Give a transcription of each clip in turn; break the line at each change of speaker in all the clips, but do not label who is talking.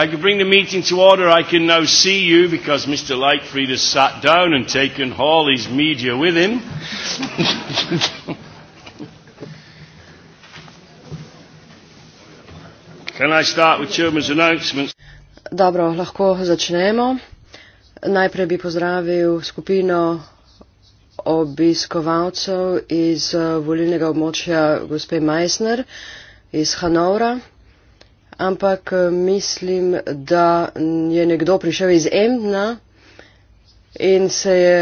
I can bring the meeting to order, I can now see you because Mr. Lightfried has sat down and taken Hawley's media with him. can I start with Chairman's announcements?
Dobro, lahko začnemo. Najprej bi pozdravil skupino obiskovalcev iz eh, volilnega območja gospe Meissner iz Hanovra ampak eh, mislim, da je nekdo prišel iz Emna in se je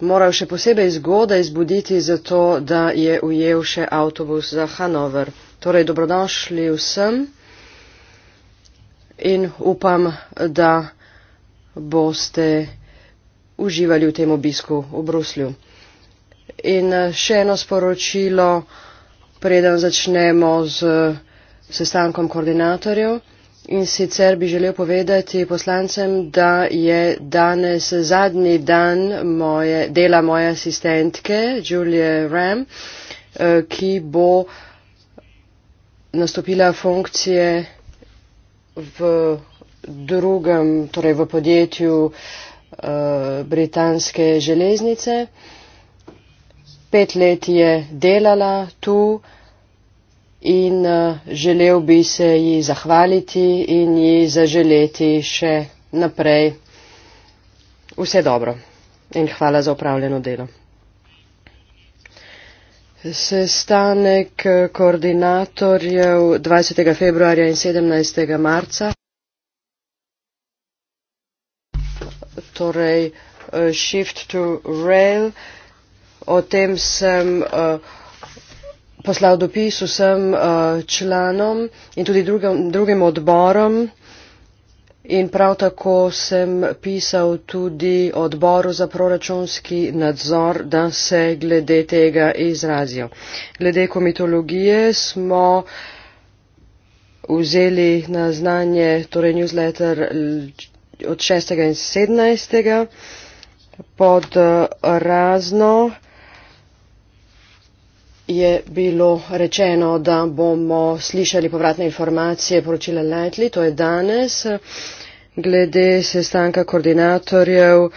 moral še posebej zgodaj zbuditi za to, da je ujel še avtobus za Hanover. Torej, dobrodošli vsem in upam, da boste uživali v tem obisku v Bruslju. In eh, še eno sporočilo, preden začnemo z sestankom koordinatorjev in sicer bi želel povedati poslancem, da je danes zadnji dan moje, dela moje asistentke Julie Ram, eh, ki bo nastopila funkcije v drugem, torej v podjetju eh, britanske železnice. Pet let je delala tu, in eh, želel bi se ji zahvaliti in ji zaželeti še naprej vse dobro in hvala za upravljeno delo. Sestanek eh, koordinatorjev 20. februarja in 17. marca. Torej, eh, shift to rail. O tem sem uh, poslal dopis vsem eh, članom in tudi drugim, drugim odborom. In prav tako sem pisal tudi odboru za proračunski nadzor, da se glede tega izrazijo. Glede komitologije smo vzeli na znanje torej newsletter od 6. in 17. pod eh, razno je bilo rečeno, da bomo slišali povratne informacije poročila Lightly, to je danes. Glede sestanka koordinatorjev,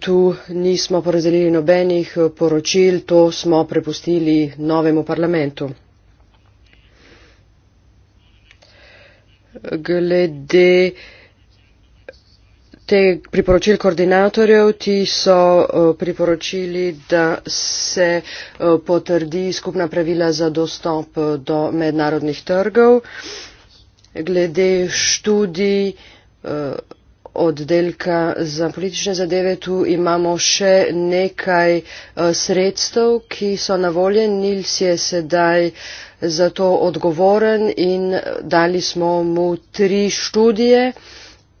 tu nismo porazdelili nobenih poročil, to smo prepustili novemu parlamentu. Glede te priporočil koordinatorjev, ti so eh, priporočili, da se eh, potrdi skupna pravila za dostop eh, do mednarodnih trgov. Glede študij oddelka za politične zadeve, tu imamo še nekaj sredstev, ki so na volje. Nils je sedaj za to odgovoren in dali smo mu tri študije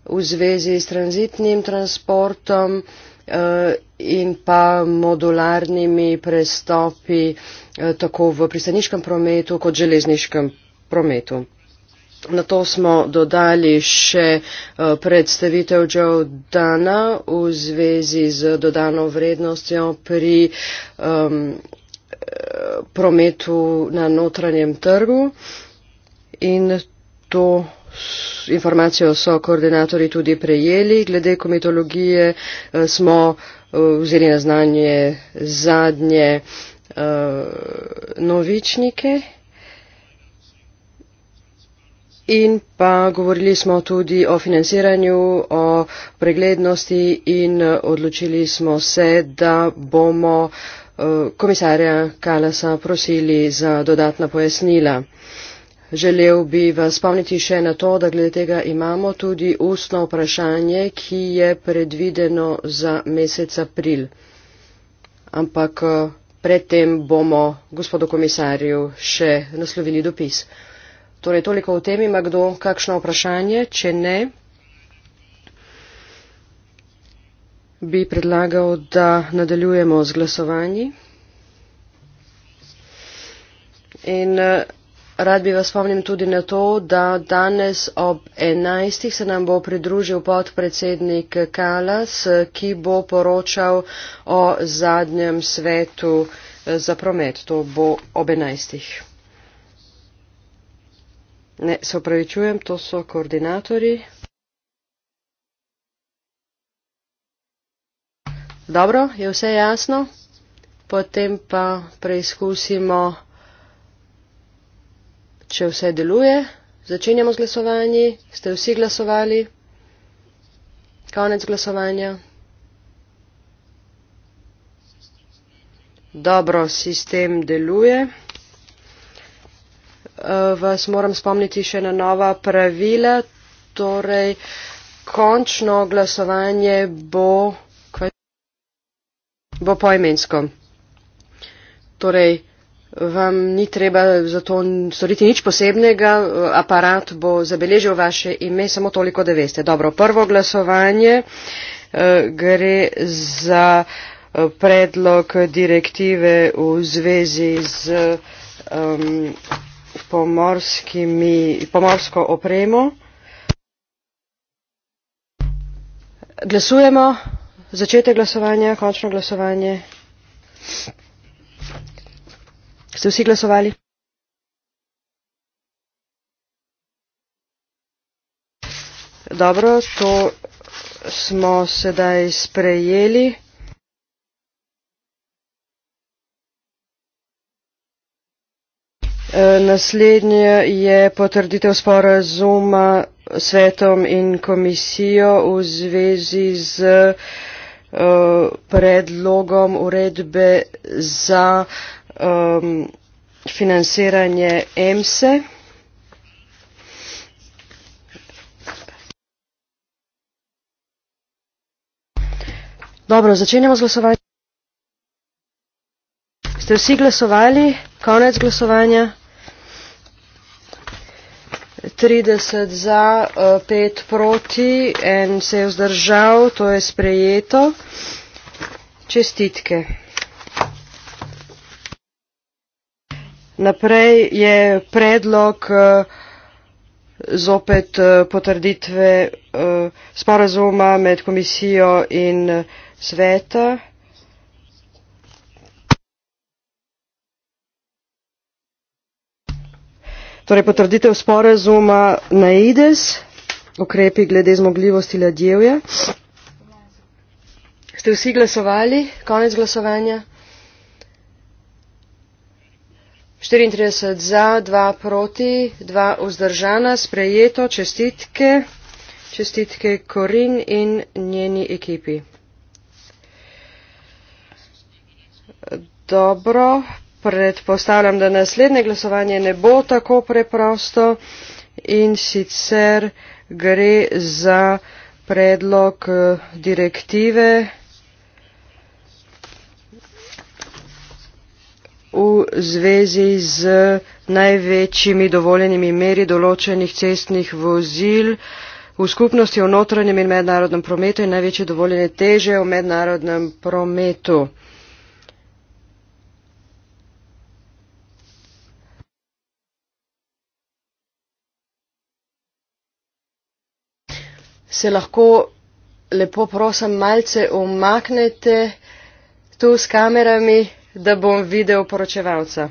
v zvezi s tranzitnim transportom eh, in pa modularnimi prestopi eh, tako v pristaniškem prometu kot železniškem prometu. Na to smo dodali še eh, predstavitev Joe Dana v zvezi z dodano vrednostjo pri um, prometu na notranjem trgu in to informacijo so koordinatori tudi prejeli. Glede komitologije eh, smo eh, vzeli na znanje zadnje eh, novičnike. In pa govorili smo tudi o financiranju, o preglednosti in odločili smo se, da bomo komisarja Kalasa prosili za dodatna pojasnila. Želel bi vas spomniti še na to, da glede tega imamo tudi ustno vprašanje, ki je predvideno za mesec april. Ampak eh, predtem bomo gospodu komisarju še naslovili dopis. Torej, toliko o tem ima kdo kakšno vprašanje. Če ne, bi predlagal, da nadaljujemo z glasovanji. In, uh, Rad bi vas spomnil tudi na to, da danes ob 11. se nam bo pridružil podpredsednik Kalas, ki bo poročal o zadnjem svetu eh, za promet. To bo ob 11. Ne, se upravičujem, to so koordinatori. Dobro, je vse jasno? Potem pa preizkusimo. Če vse deluje, začenjamo z glasovanji. Ste vsi glasovali? Konec glasovanja. Dobro, sistem deluje. Eh, vas moram spomniti še na nova pravila. Torej, končno glasovanje bo, bo poimensko. Torej, vam ni treba za to storiti nič posebnega, aparat bo zabeležil vaše ime, samo toliko, da veste. Dobro, prvo glasovanje eh, gre za eh, predlog direktive v zvezi z um, pomorskimi, pomorsko opremo. Glasujemo. Začete glasovanje, končno glasovanje. Ste vsi glasovali? Dobro, to smo sedaj sprejeli. E, Naslednja je potrditev sporazuma svetom in komisijo v zvezi z uh, predlogom uredbe za uh, um, financiranje EMSE. Dobro, začenjamo z glasovanjem. Ste vsi glasovali? Konec glasovanja. 30 za, 5 eh, proti, en se je vzdržal, to je sprejeto. Čestitke. Naprej je predlog eh, zopet eh, potrditve eh, sporazuma med komisijo in sveta. Torej potrditev sporazuma na IDES, ukrepi glede zmogljivosti ladjevja. Ste vsi glasovali? Konec glasovanja. 34 za, 2 proti, 2 vzdržana, sprejeto, čestitke, čestitke Korin in njeni ekipi. Dobro, predpostavljam, da naslednje glasovanje ne bo tako preprosto in sicer gre za predlog eh, direktive v zvezi z največjimi dovoljenimi meri določenih cestnih vozil v skupnosti v notranjem in mednarodnem prometu in največje dovoljene teže v mednarodnem prometu. Se lahko lepo prosim malce umaknete tu s kamerami da bom videl poročevalca.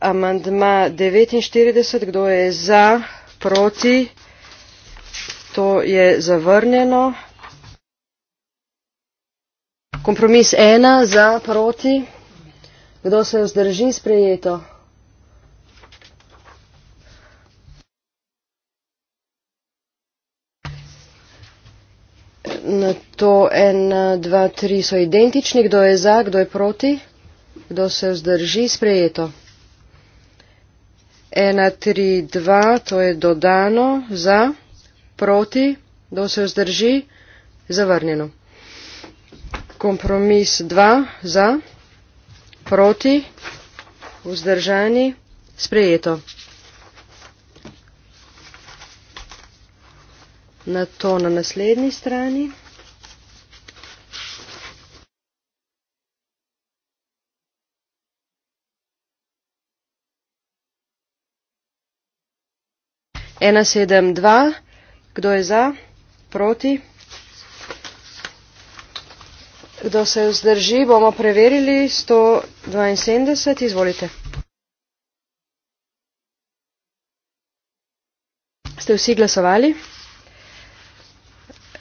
Amandma 49, kdo je za, proti, to je zavrnjeno. Kompromis 1, za, proti, kdo se vzdrži, sprejeto. na to 1, 2, 3 so identični, kdo je za, kdo je proti, kdo se vzdrži, sprejeto. 1, 3, 2, to je dodano, za, proti, kdo se vzdrži, zavrnjeno. Kompromis 2, za, proti, vzdržani, sprejeto. na to na naslednji strani. Ena sedem dva, kdo je za, proti, kdo se vzdrži, bomo preverili, sto dvainsedemdeset, izvolite. Ste vsi glasovali?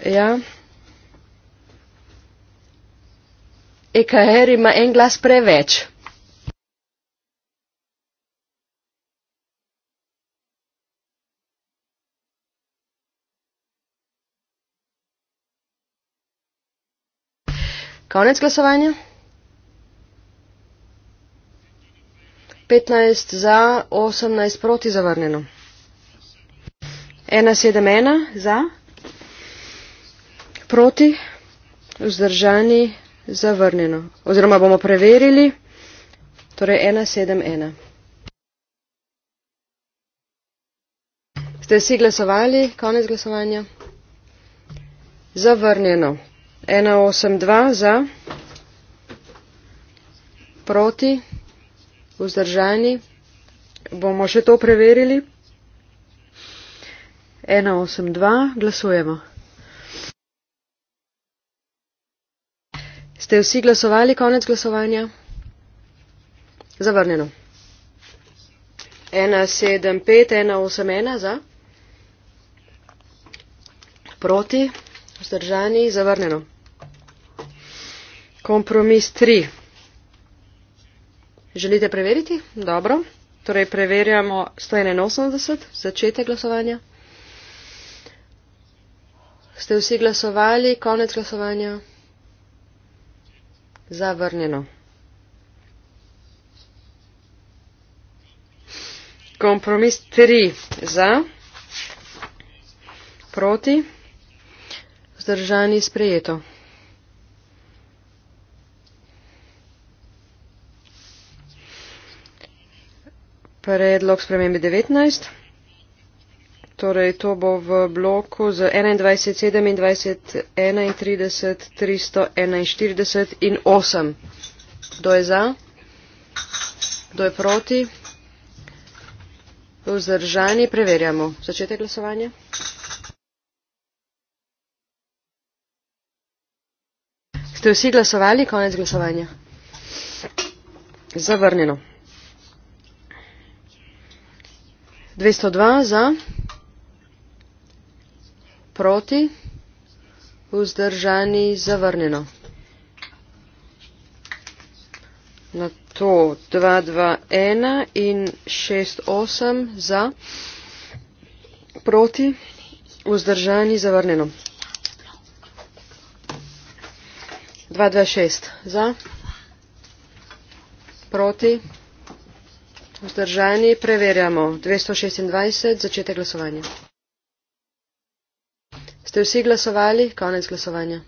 Ja. EKR ima en glas preveč. Konec glasovanja. 15 za, 18 proti zavrnjeno. 171 za proti, vzdržani, zavrnjeno. Oziroma bomo preverili, torej 171. Ste si glasovali, konec glasovanja? Zavrnjeno. 182 za, proti, vzdržani. Bomo še to preverili. 182 glasujemo. Ste vsi glasovali konec glasovanja? Zavrnjeno. 175181 za. Proti, vzdržani, zavrnjeno. Kompromis 3. Želite preveriti? Dobro. Torej preverjamo 181, začete glasovanja. Ste vsi glasovali, konec glasovanja? Zavrnjeno. Kompromis 3 za, proti, vzdržani sprejeto. Predlog spremembe 19. Torej, to bo v bloku z 21, 27, 31, 341 in 8. Kdo je za? Kdo je proti? Vzdržani, preverjamo. Začete glasovanje. Ste vsi glasovali? Konec glasovanja. Zavrnjeno. 202 za proti, vzdržani zavrnjeno. Na to 221 in 68 za, proti, vzdržani zavrnjeno. 226 za, proti, vzdržani, preverjamo 226, začetek glasovanja. Ste vsi glasovali? Konec glasovanja.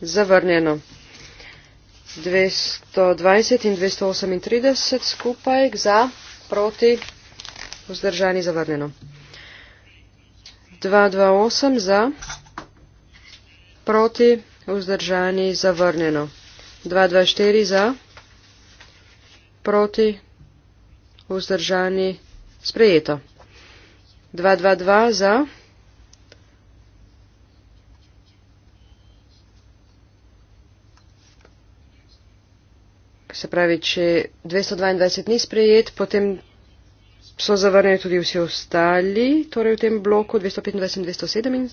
Zavrnjeno. 220 in 238 skupaj za, proti, vzdržani zavrnjeno. 228 za, proti, vzdržani zavrnjeno. 224 za, proti, vzdržani sprejeto. 222 za. se pravi, če 222 ni sprejet, potem so zavrnjeni tudi vsi ostali, torej v tem bloku 225 in 227,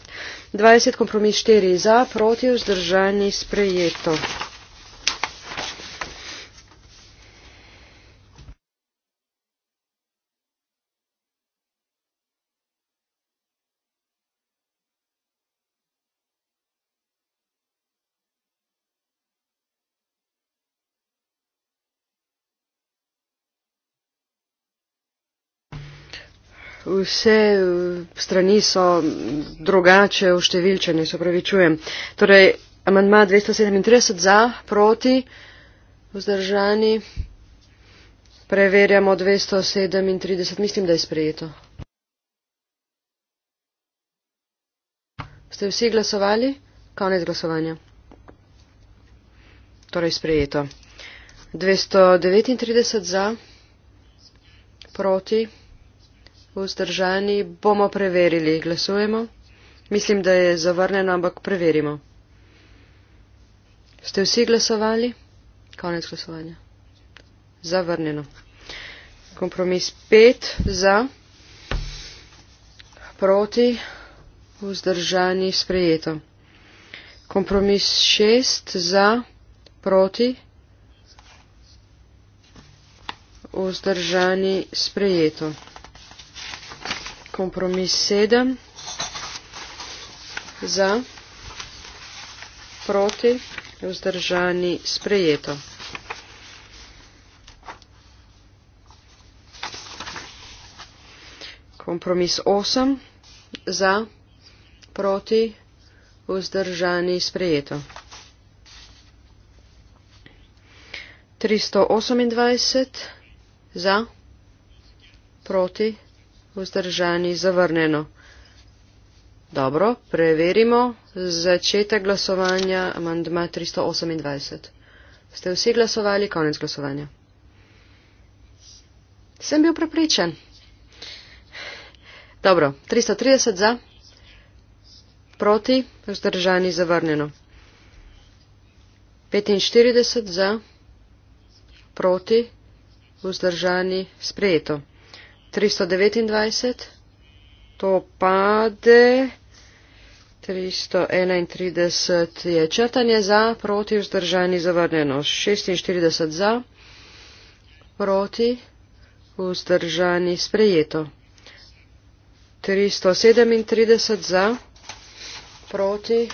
20 kompromis 4 za, proti, vzdržani, sprejeto. vse eh, strani so drugače oštevilčene, se pravi čujem. Torej, amandma 237 za, proti, vzdržani, preverjamo 237, mislim, da je sprejeto. Ste vsi glasovali? Konec glasovanja. Torej, sprejeto. 239 za, proti. Vzdržani bomo preverili. Glasujemo. Mislim, da je zavrnjeno, ampak preverimo. Ste vsi glasovali? Konec glasovanja. Zavrnjeno. Kompromis 5 za, proti, vzdržani, sprejeto. Kompromis 6 za, proti, vzdržani, sprejeto kompromis 7, za, proti, vzdržani, sprejeto. Kompromis 8, za, proti, vzdržani, sprejeto. 328, za, proti, vzdržani, sprejeto vzdržani zavrnjeno. Dobro, preverimo začetek glasovanja amandma 328. Ste vsi glasovali, konec glasovanja. Sem bil prepričan. Dobro, 330 za, proti, vzdržani zavrnjeno. 45 za, proti, vzdržani sprejeto. 329, to pade, 331 je črtanje za, proti vzdržani zavrnjeno, 46 za, proti vzdržani sprejeto, 337 za, proti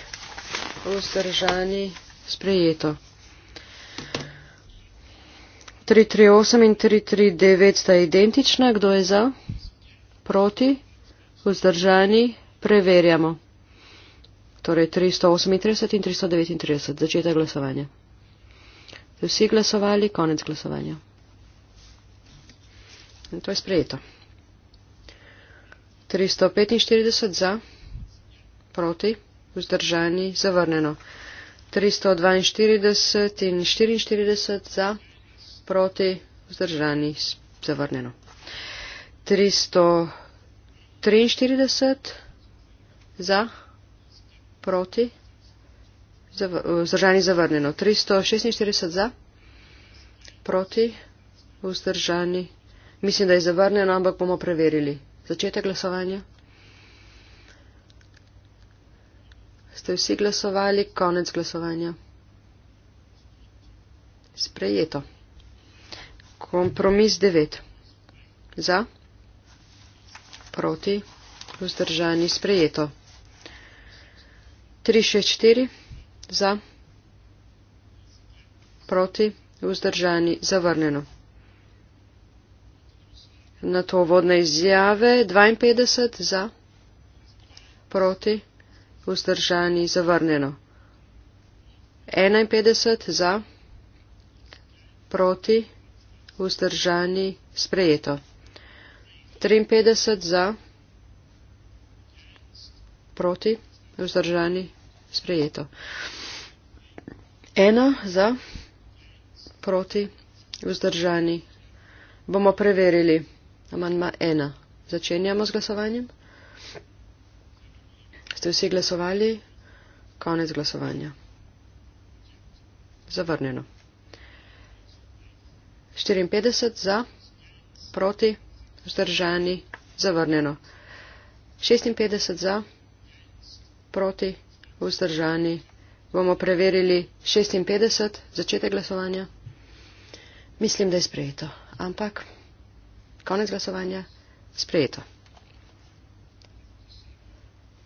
vzdržani sprejeto. 338 in 339 sta identična. Kdo je za? Proti? Vzdržani? Preverjamo. Torej 338 in 339. Začetek glasovanja. Ste vsi glasovali? Konec glasovanja. In to je sprejeto. 345 za, proti, vzdržani, zavrneno. 342 in 44 za proti, vzdržani, zavrnjeno. 343 za, proti, vzdržani, zavrnjeno. 346 za, proti, vzdržani. Mislim, da je zavrnjeno, ampak bomo preverili. Začetek glasovanja. Ste vsi glasovali, konec glasovanja. Sprejeto kompromis 9. Za, proti, vzdržani, sprejeto. 364, za, proti, vzdržani, zavrnjeno. Na to vodne izjave 52 za, proti, vzdržani, zavrnjeno. 51 za, proti, vzdržani, sprejeto. 53 za, proti, vzdržani, sprejeto. 1 za, proti, vzdržani. Bomo preverili. Amandma 1. Začenjamo z glasovanjem. Ste vsi glasovali? Konec glasovanja. Zavrnjeno. 54 za, proti, vzdržani, zavrnjeno. 56 za, proti, vzdržani. Bomo preverili 56, začetek glasovanja. Mislim, da je sprejeto, ampak konec glasovanja sprejeto.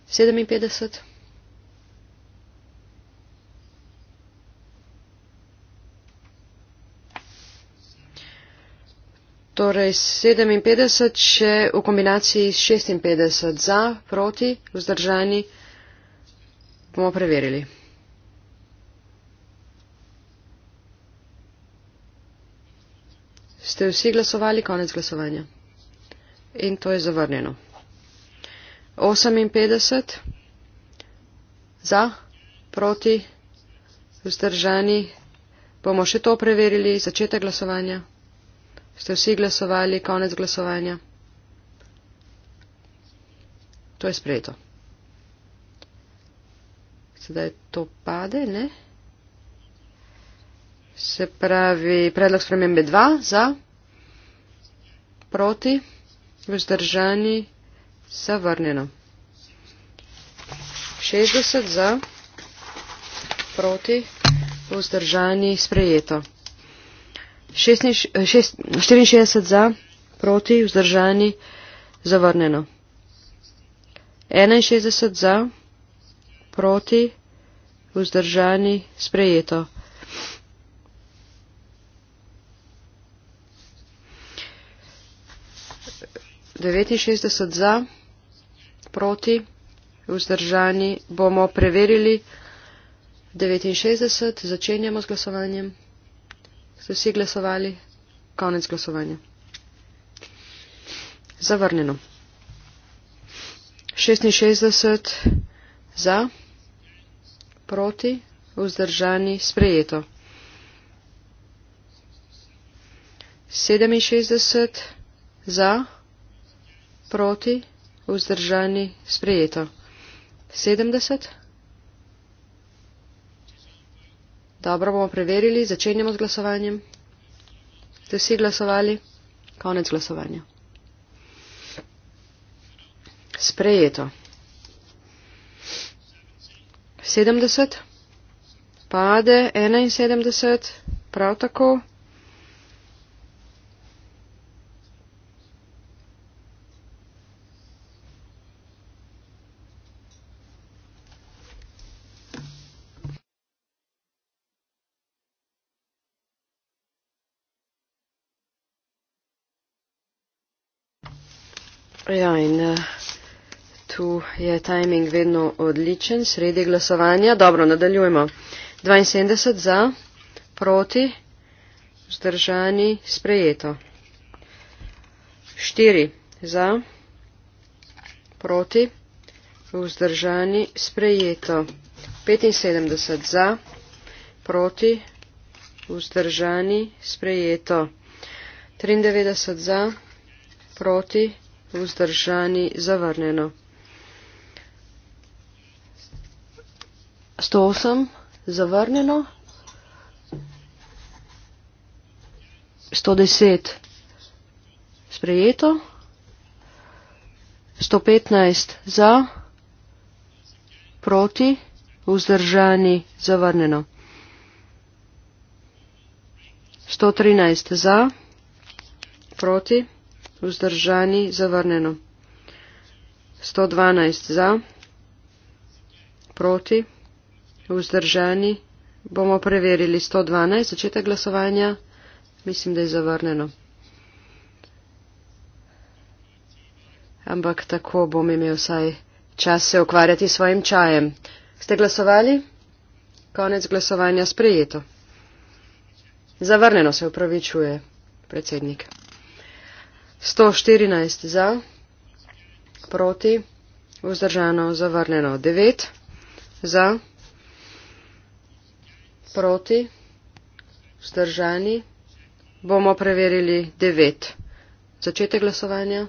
57. torej 57 še v kombinaciji s 56 za, proti, vzdržani, bomo preverili. Ste vsi glasovali, konec glasovanja. In to je zavrnjeno. 58 za, proti, vzdržani, bomo še to preverili, začetek glasovanja. Ste vsi glasovali konec glasovanja? To je sprejeto. Sedaj to pade, ne? Se pravi, predlog spremembe 2 za, proti, vzdržani, zavrnjeno. 60 za, proti, vzdržani, sprejeto. 64 eh, za, proti, vzdržani, zavrnjeno. 61 za, proti, vzdržani, sprejeto. 69 za, proti, vzdržani, bomo preverili. 69, začenjamo z glasovanjem so vsi glasovali, konec glasovanja. Zavrnjeno. 66 za, proti, vzdržani, sprejeto. 67 za, proti, vzdržani, sprejeto. 70. Dobro bomo preverili, začenjamo z glasovanjem. Ste vsi glasovali? Konec glasovanja. Sprejeto. 70, pade 71, prav tako Ja, in eh, tu je tajming vedno odličen, sredi glasovanja. Dobro, nadaljujemo. 72 za, proti, vzdržani, sprejeto. 4 za, proti, vzdržani, sprejeto. 75 za, proti, vzdržani, sprejeto. 93 za, proti, vzdržani, sprejeto vzdržani zavrnjeno. 108 zavrnjeno. 110 sprejeto. 115 za, proti, vzdržani, zavrnjeno. 113 za, proti vzdržani, zavrnjeno. 112 za, proti, vzdržani, bomo preverili 112, začetek glasovanja, mislim, da je zavrnjeno. Ampak tako bom imel vsaj čas se ukvarjati s svojim čajem. Ste glasovali? Konec glasovanja sprejeto. Zavrnjeno se upravičuje predsednik. 114 za, proti, vzdržano, zavrnjeno 9 za, proti, vzdržani, bomo preverili 9. Začetek glasovanja.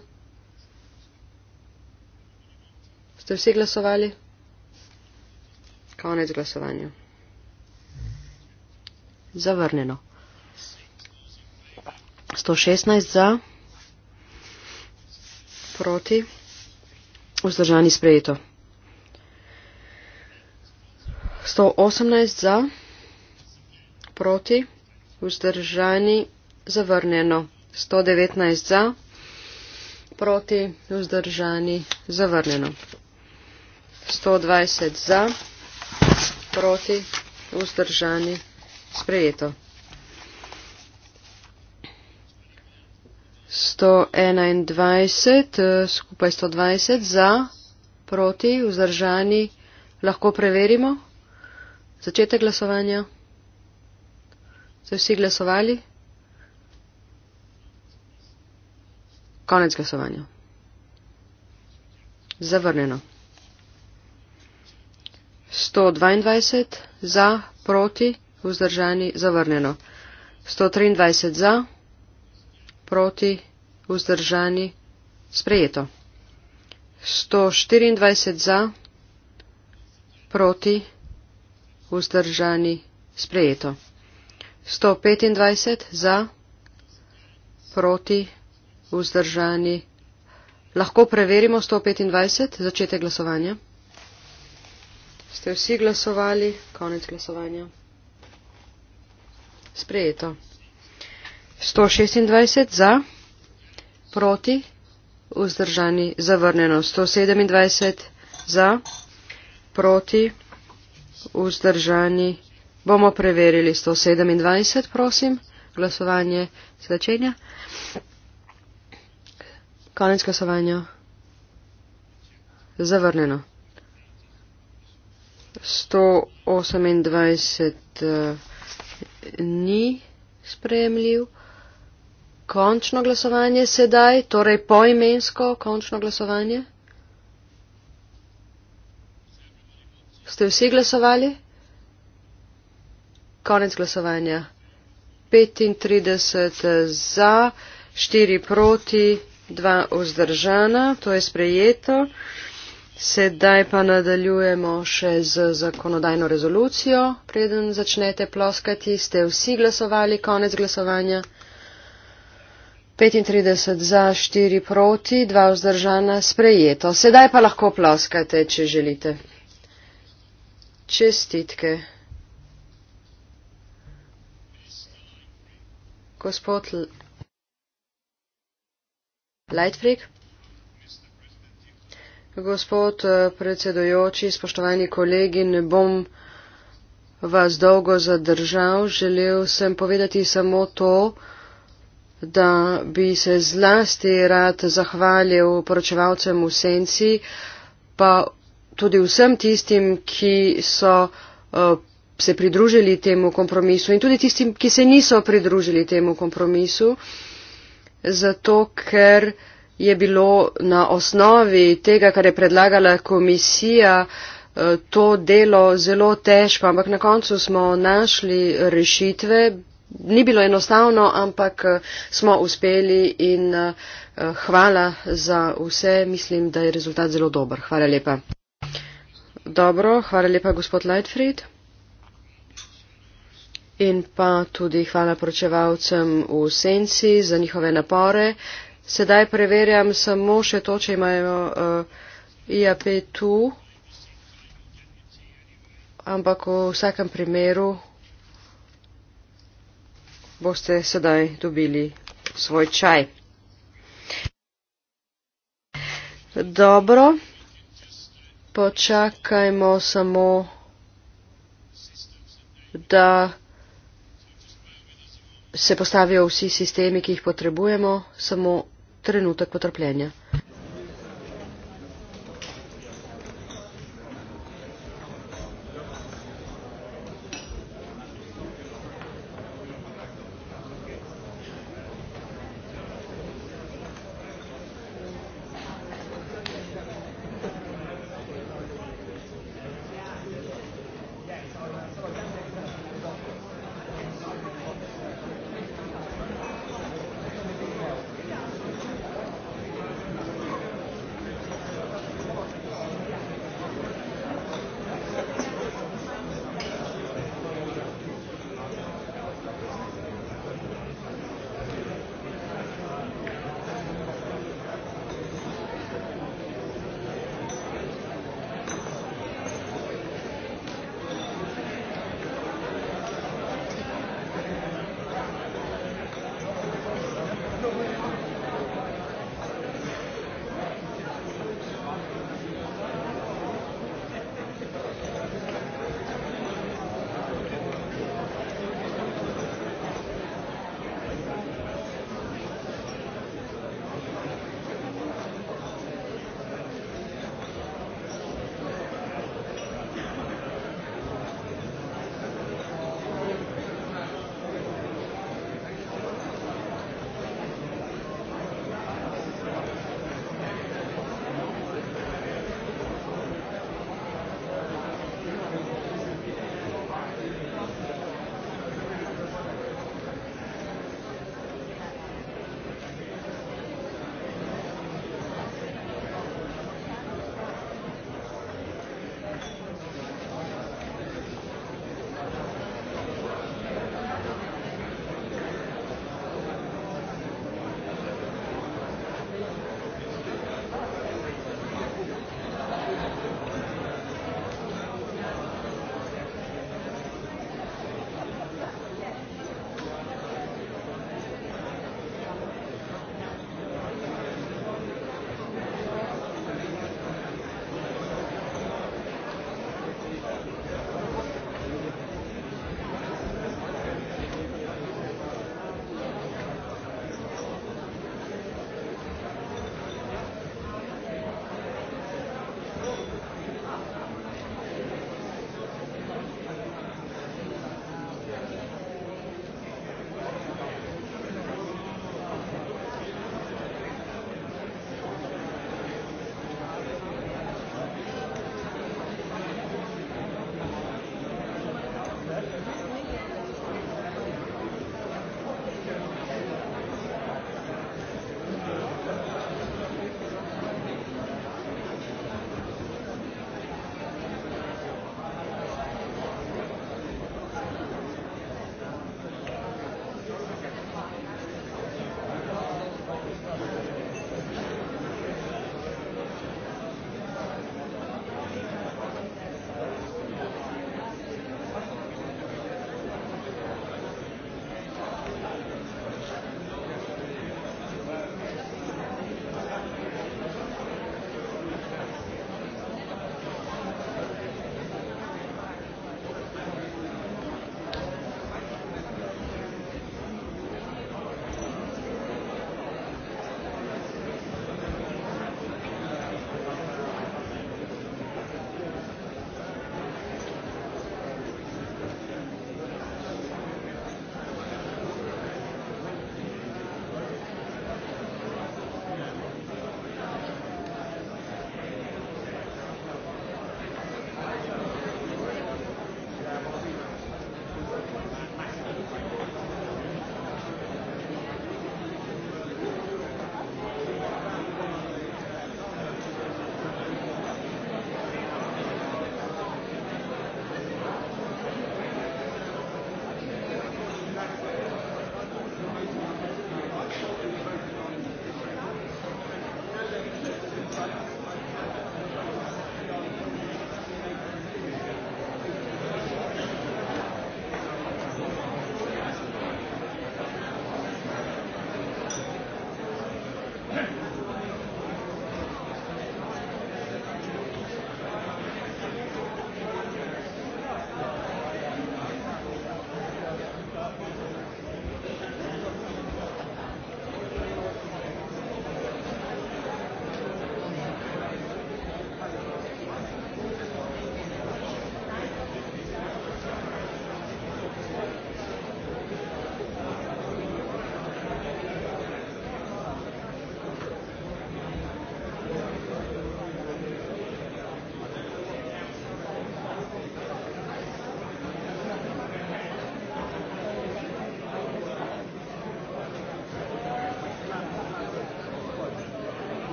Ste vsi glasovali? Konec glasovanja. Zavrnjeno. 116 za proti. Vzdržani sprejeto. 118 za, proti, vzdržani, zavrnjeno. 119 za, proti, vzdržani, zavrnjeno. 120 za, proti, vzdržani, sprejeto. 121, eh, skupaj 120 za, proti, vzdržani, lahko preverimo. Začete glasovanja. Ste vsi glasovali? Konec glasovanja. Zavrnjeno. 122 za, proti, vzdržani, zavrnjeno. 123 za proti, vzdržani, sprejeto. 124 za, proti, vzdržani, sprejeto. 125 za, proti, vzdržani. Lahko preverimo 125, začete glasovanje. Ste vsi glasovali, konec glasovanja. Sprejeto. 126 za, proti, vzdržani, zavrnjeno. 127 za, proti, vzdržani. Bomo preverili 127, prosim, glasovanje svečenja. Konec glasovanja. Zavrnjeno. 128 uh, eh, ni sprejemljiv končno glasovanje sedaj, torej poimensko končno glasovanje? Ste vsi glasovali? Konec glasovanja. 35 za, 4 proti, 2 vzdržana, to je sprejeto. Sedaj pa nadaljujemo še z zakonodajno rezolucijo. Preden začnete ploskati, ste vsi glasovali, konec glasovanja. 35 za, 4 proti, 2 vzdržana, sprejeto. Sedaj pa lahko ploskate, če želite. Čestitke. Gospod Lightfrick. Gospod eh, predsedojoči, spoštovani kolegi, ne bom vas dolgo zadržal. Želel sem povedati samo to, da bi se zlasti rad zahvalil poročevalcem v senci, pa tudi vsem tistim, ki so eh, se pridružili temu kompromisu in tudi tistim, ki se niso pridružili temu kompromisu, zato ker je bilo na osnovi tega, kar je predlagala komisija, eh, to delo zelo težko, ampak na koncu smo našli rešitve, ni bilo enostavno, ampak eh, smo uspeli in eh, eh, hvala za vse. Mislim, da je rezultat zelo dober. Hvala lepa. Dobro, hvala lepa, gospod Leitfried. In pa tudi hvala poročevalcem v Senci za njihove napore. Sedaj preverjam samo še to, če imajo uh, IAP tu. Ampak v vsakem primeru boste sedaj dobili svoj čaj. Dobro, počakajmo samo, da se postavijo vsi sistemi, ki jih potrebujemo, samo trenutek potrpljenja.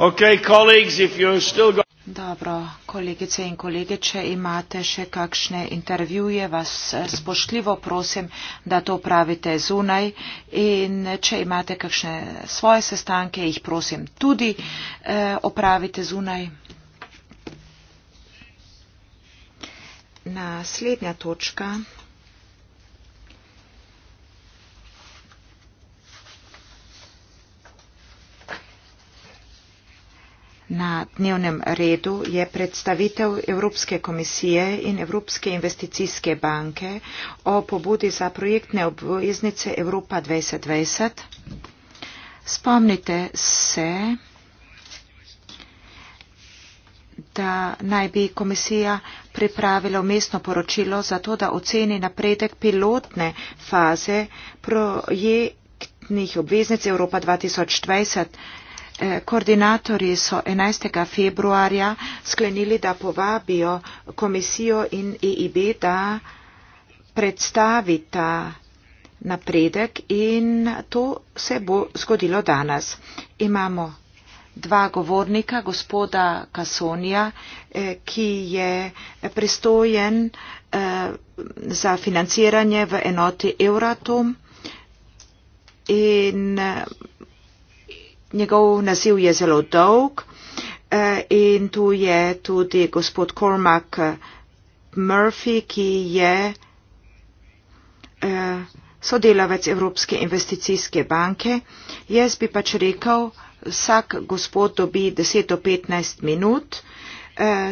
Okay, colleagues, if you're still got... Dobro, kolegice in kolege, če imate še kakšne intervjuje, vas spoštljivo prosim, da to pravite zunaj in če imate kakšne svoje sestanke, jih prosim tudi eh, opravite zunaj. Naslednja točka. dnevnem redu je predstavitev Evropske komisije in Evropske investicijske banke o pobudi za projektne obveznice Evropa 2020. Spomnite se, da naj bi komisija pripravila mestno poročilo za to, da oceni napredek pilotne faze projektnih obveznic Evropa 2020. Eh, koordinatorji so 11. februarja sklenili, da povabijo komisijo in EIB, da predstavita napredek in to se bo zgodilo danes. Imamo dva govornika, gospoda Kasonija, eh, ki je pristojen eh, za financiranje v enoti Euratom in njegov naziv je zelo dolg eh, in tu je tudi gospod Cormac eh, Murphy, ki je eh, sodelavec Evropske investicijske banke. Jaz bi pač rekel, vsak gospod dobi 10 do 15 minut.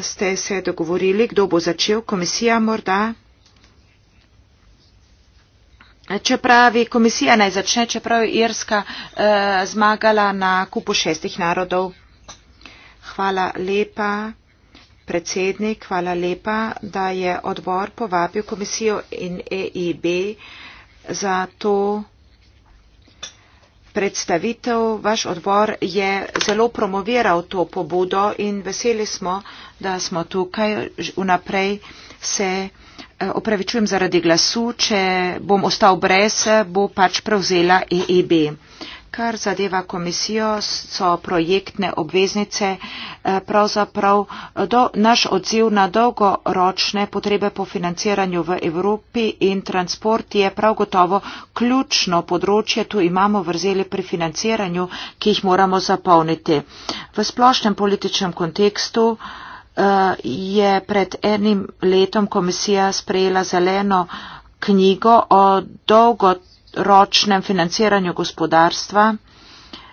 Ste se dogovorili, kdo bo začel, komisija morda? Če pravi komisija naj začne, čeprav je Irska eh, zmagala na kupu šestih narodov. Hvala lepa, predsednik, hvala lepa, da je odbor povabil komisijo in EIB za to predstavitev. Vaš odbor je zelo promoviral to pobudo in veseli smo, da smo tukaj vnaprej se. Eh, Eh, opravičujem zaradi glasu, če bom ostal brez, eh, bo pač prevzela EEB. Kar zadeva komisijo, so projektne obveznice eh, pravzaprav do, naš odziv na dolgoročne potrebe po financiranju v Evropi in transport je prav gotovo ključno področje. Tu imamo vrzeli pri financiranju, ki jih moramo zapolniti. V splošnem političnem kontekstu. Eh, je pred enim letom komisija sprejela zeleno knjigo o dolgoročnem financiranju gospodarstva.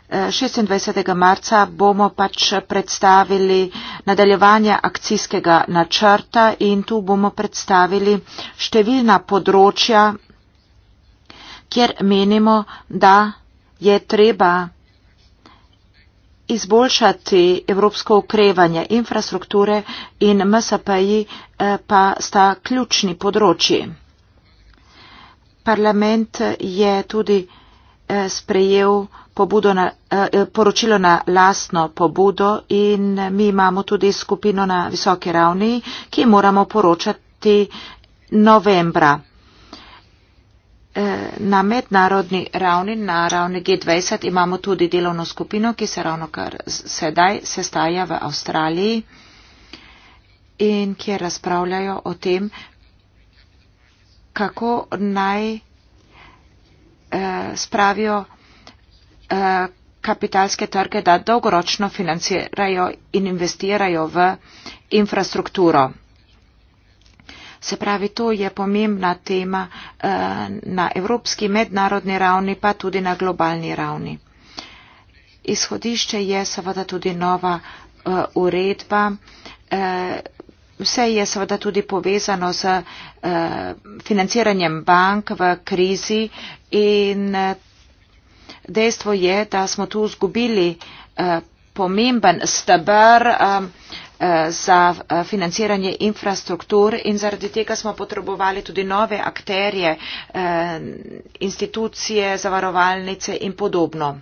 26. Eh, marca bomo pač predstavili nadaljevanje akcijskega načrta in tu bomo predstavili številna področja, kjer menimo, da je treba izboljšati evropsko okrevanje infrastrukture in MSP-ji eh, pa sta ključni področji. Parlament je tudi eh, sprejel pobudo na, eh, poročilo na lastno pobudo in mi imamo tudi skupino na visoki ravni, ki moramo poročati novembra. Eh, na mednarodni ravni, na ravni G20, imamo tudi delovno skupino, ki se ravno kar sedaj sestaja v Avstraliji in kjer razpravljajo o tem, kako naj eh, spravijo eh, kapitalske trge, da dolgoročno financirajo in investirajo v infrastrukturo. Se pravi, to je pomembna tema eh, na evropski mednarodni ravni, pa tudi na globalni ravni. Izhodišče je seveda tudi nova eh, uredba. Eh, vse je seveda tudi povezano z financiranjem bank v krizi in dejstvo je, da smo tu zgubili pomemben stebr. Eh, za eh, financiranje infrastruktur in zaradi tega smo potrebovali tudi nove akterje, eh, institucije, zavarovalnice in podobno.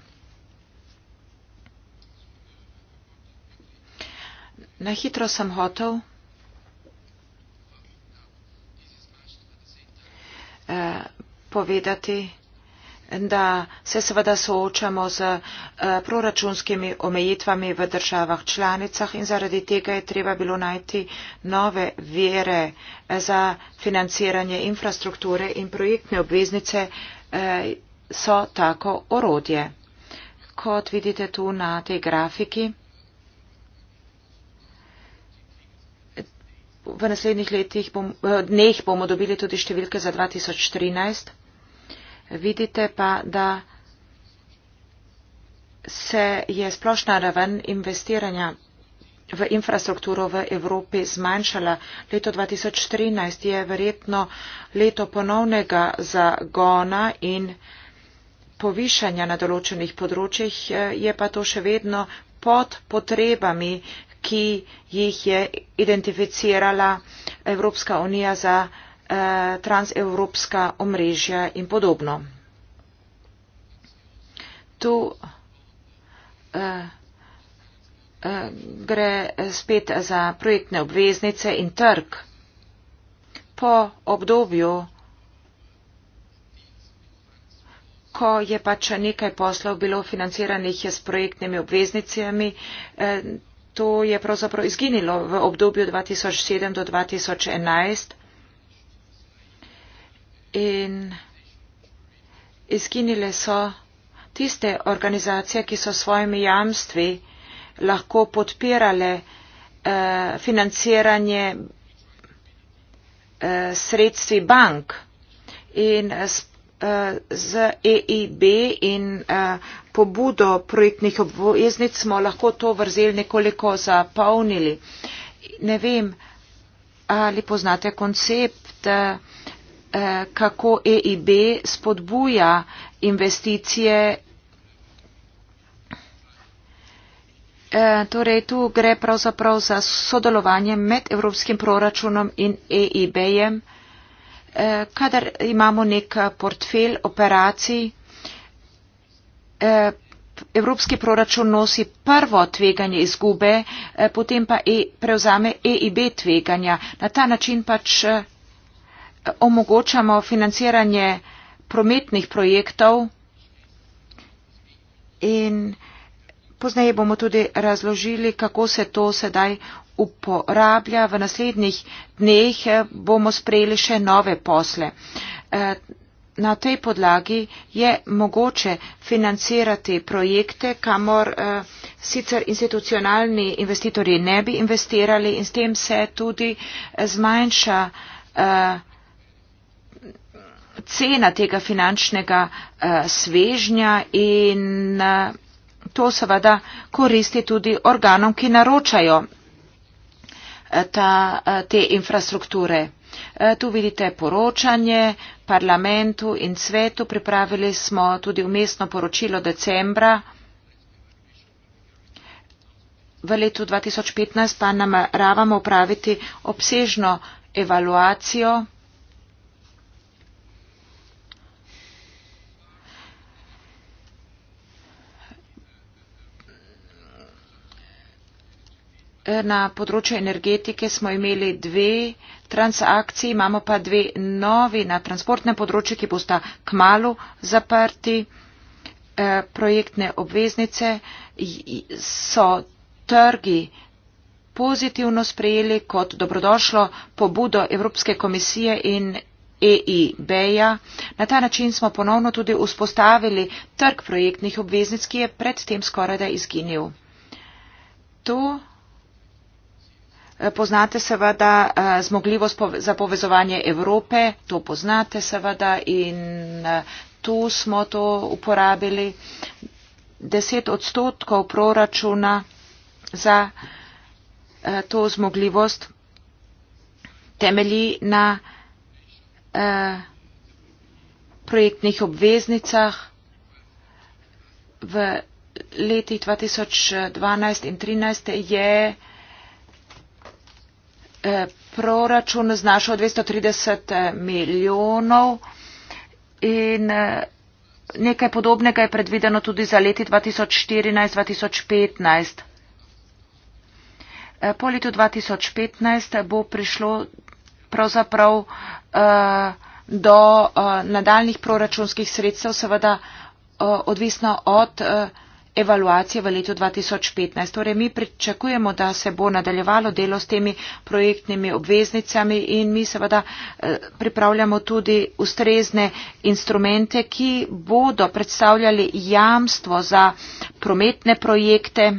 Na hitro sem hotel povedati, da da se seveda soočamo z eh, proračunskimi omejitvami v državah članicah in zaradi tega je treba bilo najti nove vere eh, za financiranje infrastrukture in projektne obveznice eh, so tako orodje. Kot vidite tu na tej grafiki, v naslednjih letih bom, dneh bomo dobili tudi številke za 2013 vidite pa, da se je splošna raven investiranja v infrastrukturo v Evropi zmanjšala. Leto 2013 je verjetno leto ponovnega zagona in povišanja na določenih področjih, je pa to še vedno pod potrebami, ki jih je identificirala Evropska unija za Eh, transevropska omrežja in podobno. Tu eh, eh, gre spet za projektne obveznice in trg. Po obdobju, ko je pač nekaj poslov bilo financiranih s projektnimi obveznicami, to je pravzaprav izginilo v obdobju 2007 do 2011 in izginile so tiste organizacije, ki so svojimi jamstvi lahko podpirale eh, financiranje eh, sredstvi bank in eh, eh z EIB in eh, pobudo projektnih obveznic smo lahko to vrzel nekoliko zapolnili. Ne vem, ali poznate koncept. Eh, Eh, kako EIB spodbuja investicije. Eh, torej, tu gre pravzaprav za sodelovanje med evropskim proračunom in EIB-jem, eh, kadar imamo nek portfelj operacij. Evropski proračun nosi prvo tveganje izgube, potem pa e, prevzame EIB tveganja. Na ta način pač omogočamo financiranje prometnih projektov in pozneje bomo tudi razložili, kako se to sedaj uporablja. V naslednjih dneh eh, bomo sprejeli še nove posle. Eh, na tej podlagi je mogoče financirati projekte, kamor eh, sicer institucionalni investitorji ne bi investirali in s tem se tudi zmanjša cena tega finančnega eh, svežnja in eh, to seveda koristi tudi organom, ki naročajo eh, ta, te infrastrukture. Tu vidite poročanje parlamentu in svetu. Pripravili smo tudi umestno poročilo decembra. V letu 2015 pa nameravamo upraviti obsežno evaluacijo. Na področju energetike smo imeli dve transakciji, imamo pa dve novi na transportnem področju, ki bosta k malu zaprti. Eh, projektne obveznice so trgi pozitivno sprejeli kot dobrodošlo pobudo Evropske komisije in EIB-ja. Na ta način smo ponovno tudi vzpostavili trg projektnih obveznic, ki je predtem skoraj da izginil. To poznate seveda eh, zmogljivost za povezovanje Evrope, to poznate seveda in eh, tu smo to uporabili. Deset odstotkov proračuna za eh, to zmogljivost temelji na projektnih obveznicah v letih 2012 in 2013 je Eh, proračun znašal 230 eh, milijonov in eh, nekaj podobnega je predvideno tudi za leti 2014-2015. Po letu 2015 bo prišlo pravzaprav do nadaljnih proračunskih sredstev, seveda odvisno od evaluacije v letu 2015. Torej, mi pričakujemo, da se bo nadaljevalo delo s temi projektnimi obveznicami in mi seveda eh, pripravljamo tudi ustrezne instrumente, ki bodo predstavljali jamstvo za prometne projekte.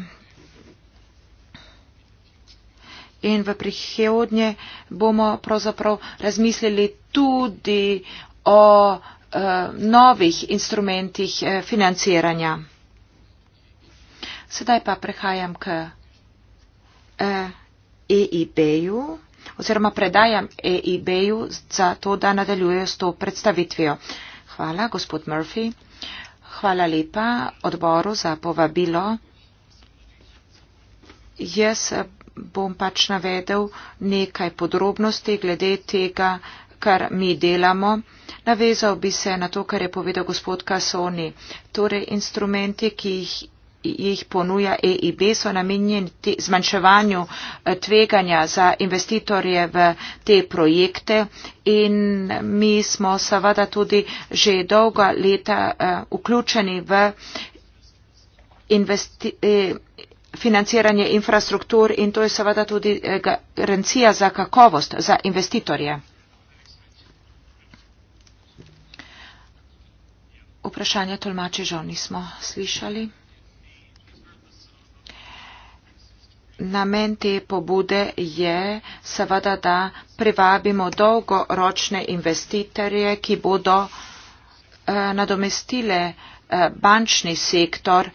In v prihodnje bomo pravzaprav razmislili tudi o eh, novih instrumentih eh, financiranja. Sedaj pa prehajam k EIB-ju eh, e oziroma predajam EIB-ju za to, da nadaljujejo s to predstavitvijo. Hvala, gospod Murphy. Hvala lepa odboru za povabilo. Jaz bom pač navedel nekaj podrobnosti glede tega, kar mi delamo. Navezal bi se na to, kar je povedal gospod Kasoni. Torej, instrumenti, ki jih jih ponuja EIB, so namenjeni zmanjševanju eh, tveganja za investitorje v te projekte in mi smo seveda tudi že dolga leta eh, vključeni v eh, financiranje infrastruktur in to je seveda tudi garancija za kakovost za investitorje. Vprašanje tolmači žal nismo slišali. Namen te pobude je seveda, da privabimo dolgoročne investitorje, ki bodo eh, nadomestile eh, bančni sektor.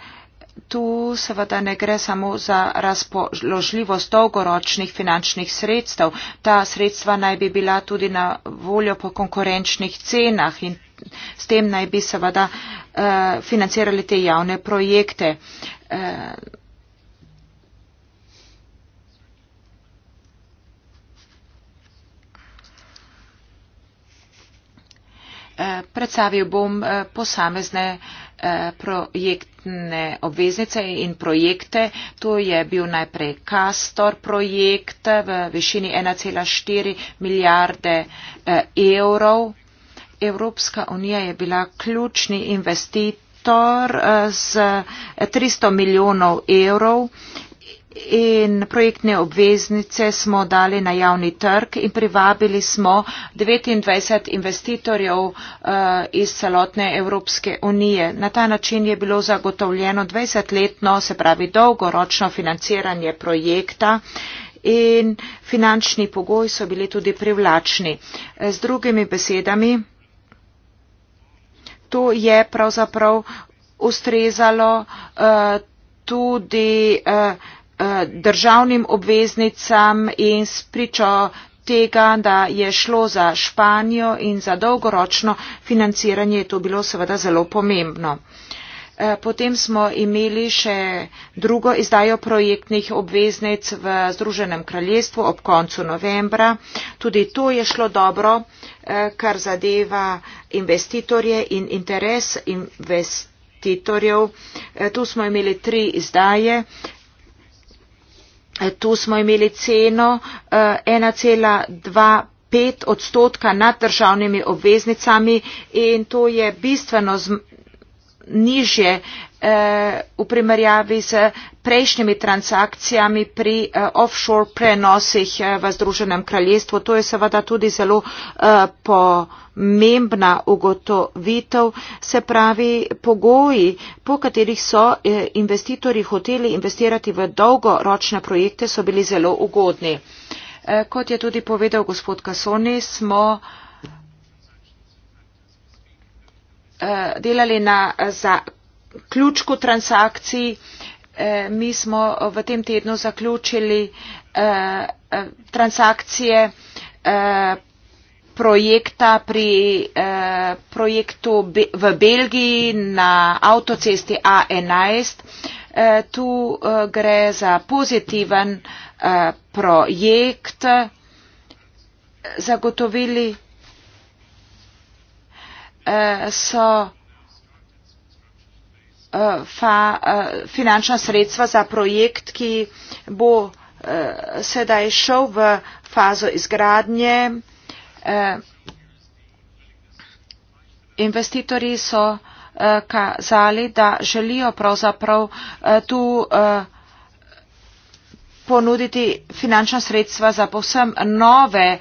Tu seveda ne gre samo za razpoložljivost dolgoročnih finančnih sredstev. Ta sredstva naj bi bila tudi na voljo po konkurenčnih cenah in s tem naj bi seveda eh, financirali te javne projekte. Eh, predstavil bom eh, posamezne eh, projektne obveznice in projekte. To je bil najprej Castor projekt v višini 1,4 milijarde eh, evrov. Evropska unija je bila ključni investitor z 300 milijonov evrov in projektne obveznice smo dali na javni trg in privabili smo 29 investitorjev eh, iz celotne Evropske unije. Na ta način je bilo zagotovljeno 20-letno, se pravi dolgoročno financiranje projekta in finančni pogoji so bili tudi privlačni. Eh, z drugimi besedami, to je pravzaprav ustrezalo uh, tudi uh, državnim obveznicam in spričo tega, da je šlo za Španijo in za dolgoročno financiranje, je to bilo seveda zelo pomembno. Eh, potem smo imeli še drugo izdajo projektnih obveznic v Združenem kraljestvu ob koncu novembra. Tudi to je šlo dobro, eh, kar zadeva investitorje in interes investitorjev. Eh, tu smo imeli tri izdaje. Eh, tu smo imeli ceno 1,25 eh, odstotka nad državnimi obveznicami in to je bistveno nižje Eh, v primerjavi z prejšnjimi transakcijami pri eh, offshore prenosih eh, v Združenem kraljestvu. To je seveda tudi zelo pomembna ugotovitev, se pravi pogoji, po katerih so investitorji hoteli investirati v dolgoročne projekte, so bili zelo ugodni. Kot je tudi povedal gospod Kasoni, smo delali na zakon zaključku transakcij eh, mi smo eh, v tem tednu zaključili eh, transakcije projekta pri projektu v Belgiji na avtocesti A11. Tu gre za pozitiven projekt. Zagotovili so Eh, eh, finančna sredstva za projekt, ki bo eh, sedaj šel v fazo izgradnje. Investitori so kazali, da želijo pravzaprav tu ponuditi finančna sredstva za povsem nove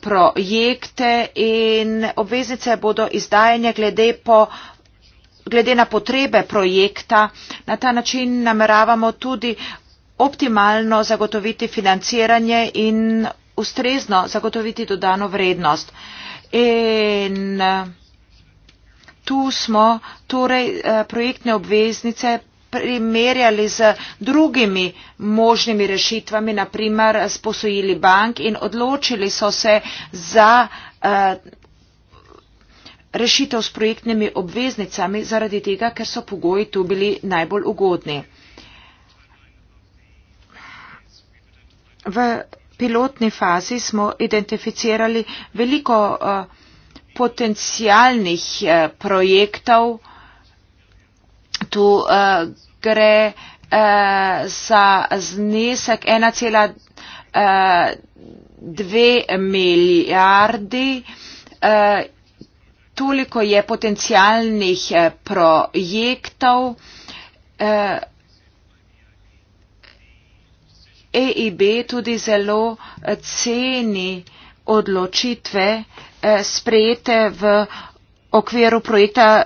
projekte in obveznice bodo izdajanje glede po glede na potrebe projekta. Na ta način nameravamo tudi optimalno zagotoviti financiranje in ustrezno zagotoviti dodano vrednost. In eh, tu smo torej eh, projektne obveznice primerjali z drugimi možnimi rešitvami, naprimer sposojili bank in odločili so se za eh, rešitev s projektnimi obveznicami zaradi tega, ker so pogoji tu bili najbolj ugodni. V pilotni fazi smo identificirali veliko eh, potencijalnih eh, projektov. Tu eh, gre za znesek 1,2 milijardi toliko je potencijalnih eh, projektov. EIB eh, e tudi zelo eh, ceni odločitve sprejete v okviru projekta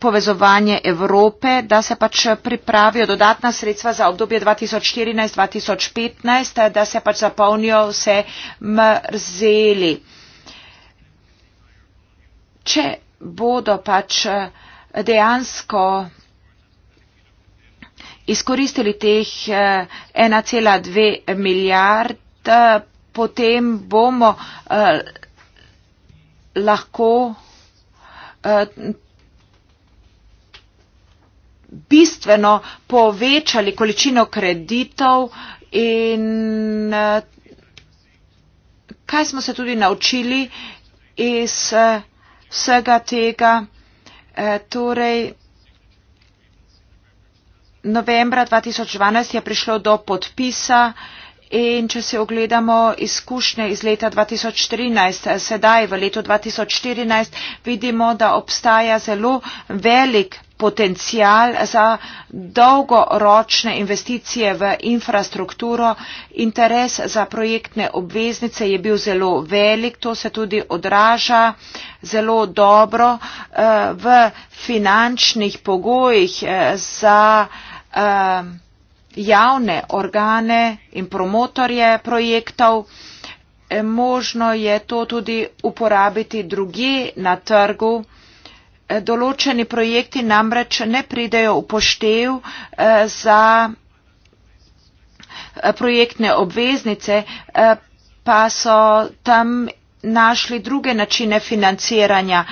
povezovanje Evrope, da se pač pripravijo dodatna sredstva za obdobje 2014-2015, da se pač zapolnijo vse mrzeli če bodo pač eh, dejansko izkoristili teh 1,2 eh, milijard, eh, potem bomo lahko bistveno povečali količino kreditov in kaj smo se tudi naučili iz vsega tega. E, torej, novembra 2012 je prišlo do podpisa in če si ogledamo izkušnje iz leta 2013, sedaj v letu 2014 vidimo, da obstaja zelo velik potencial za dolgoročne investicije v infrastrukturo. Interes za projektne obveznice je bil zelo velik, to se tudi odraža zelo dobro eh, v finančnih pogojih eh, za eh, javne organe in promotorje projektov. Možno je to tudi uporabiti druge na trgu določeni projekti namreč ne pridejo v poštev eh, za eh, projektne obveznice, eh, pa so tam našli druge načine financiranja.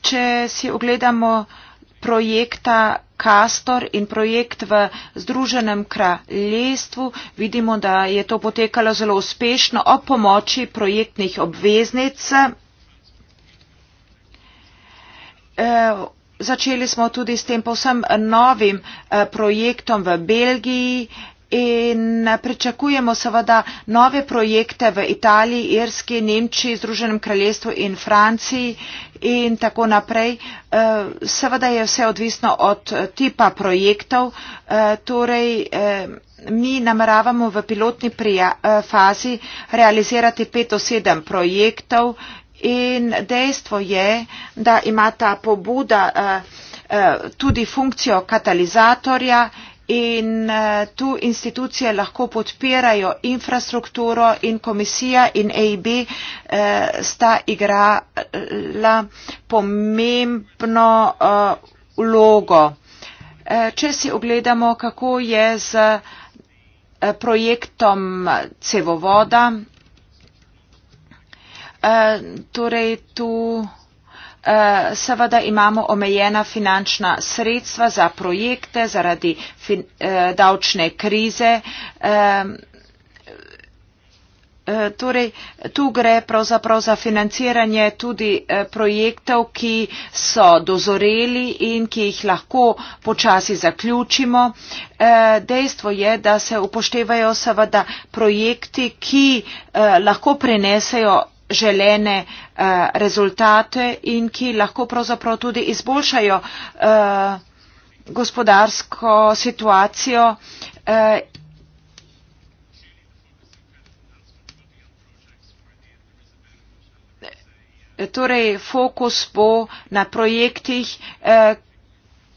Če si ogledamo projekta Kastor in projekt v Združenem kraljestvu. Vidimo, da je to potekalo zelo uspešno ob pomoči projektnih obveznic. E, začeli smo tudi s tem povsem novim e, projektom v Belgiji. E, in pričakujemo seveda nove projekte v Italiji, Irski, Nemčiji, Združenem kraljestvu in Franciji in tako naprej. Eh, seveda je vse odvisno od eh, tipa projektov, eh, torej mi nameravamo v pilotni fazi realizirati pet do sedem projektov in dejstvo je, da ima ta pobuda tudi funkcijo katalizatorja in eh, tu institucije lahko podpirajo infrastrukturo in komisija in AIB eh, sta igrala pomembno eh, vlogo. Če si ogledamo, kako je z projektom cevovoda, torej tu Eh, seveda imamo omejena finančna sredstva za projekte zaradi fin, eh, davčne krize. Eh, torej, tu gre pravzaprav za financiranje tudi eh, projektov, ki so dozoreli in ki jih lahko počasi zaključimo. Eh, dejstvo je, da se upoštevajo seveda projekti, ki eh, lahko prenesejo želene uh, rezultate in ki lahko pravzaprav tudi izboljšajo uh, gospodarsko situacijo. Uh, torej, fokus bo na projektih, uh,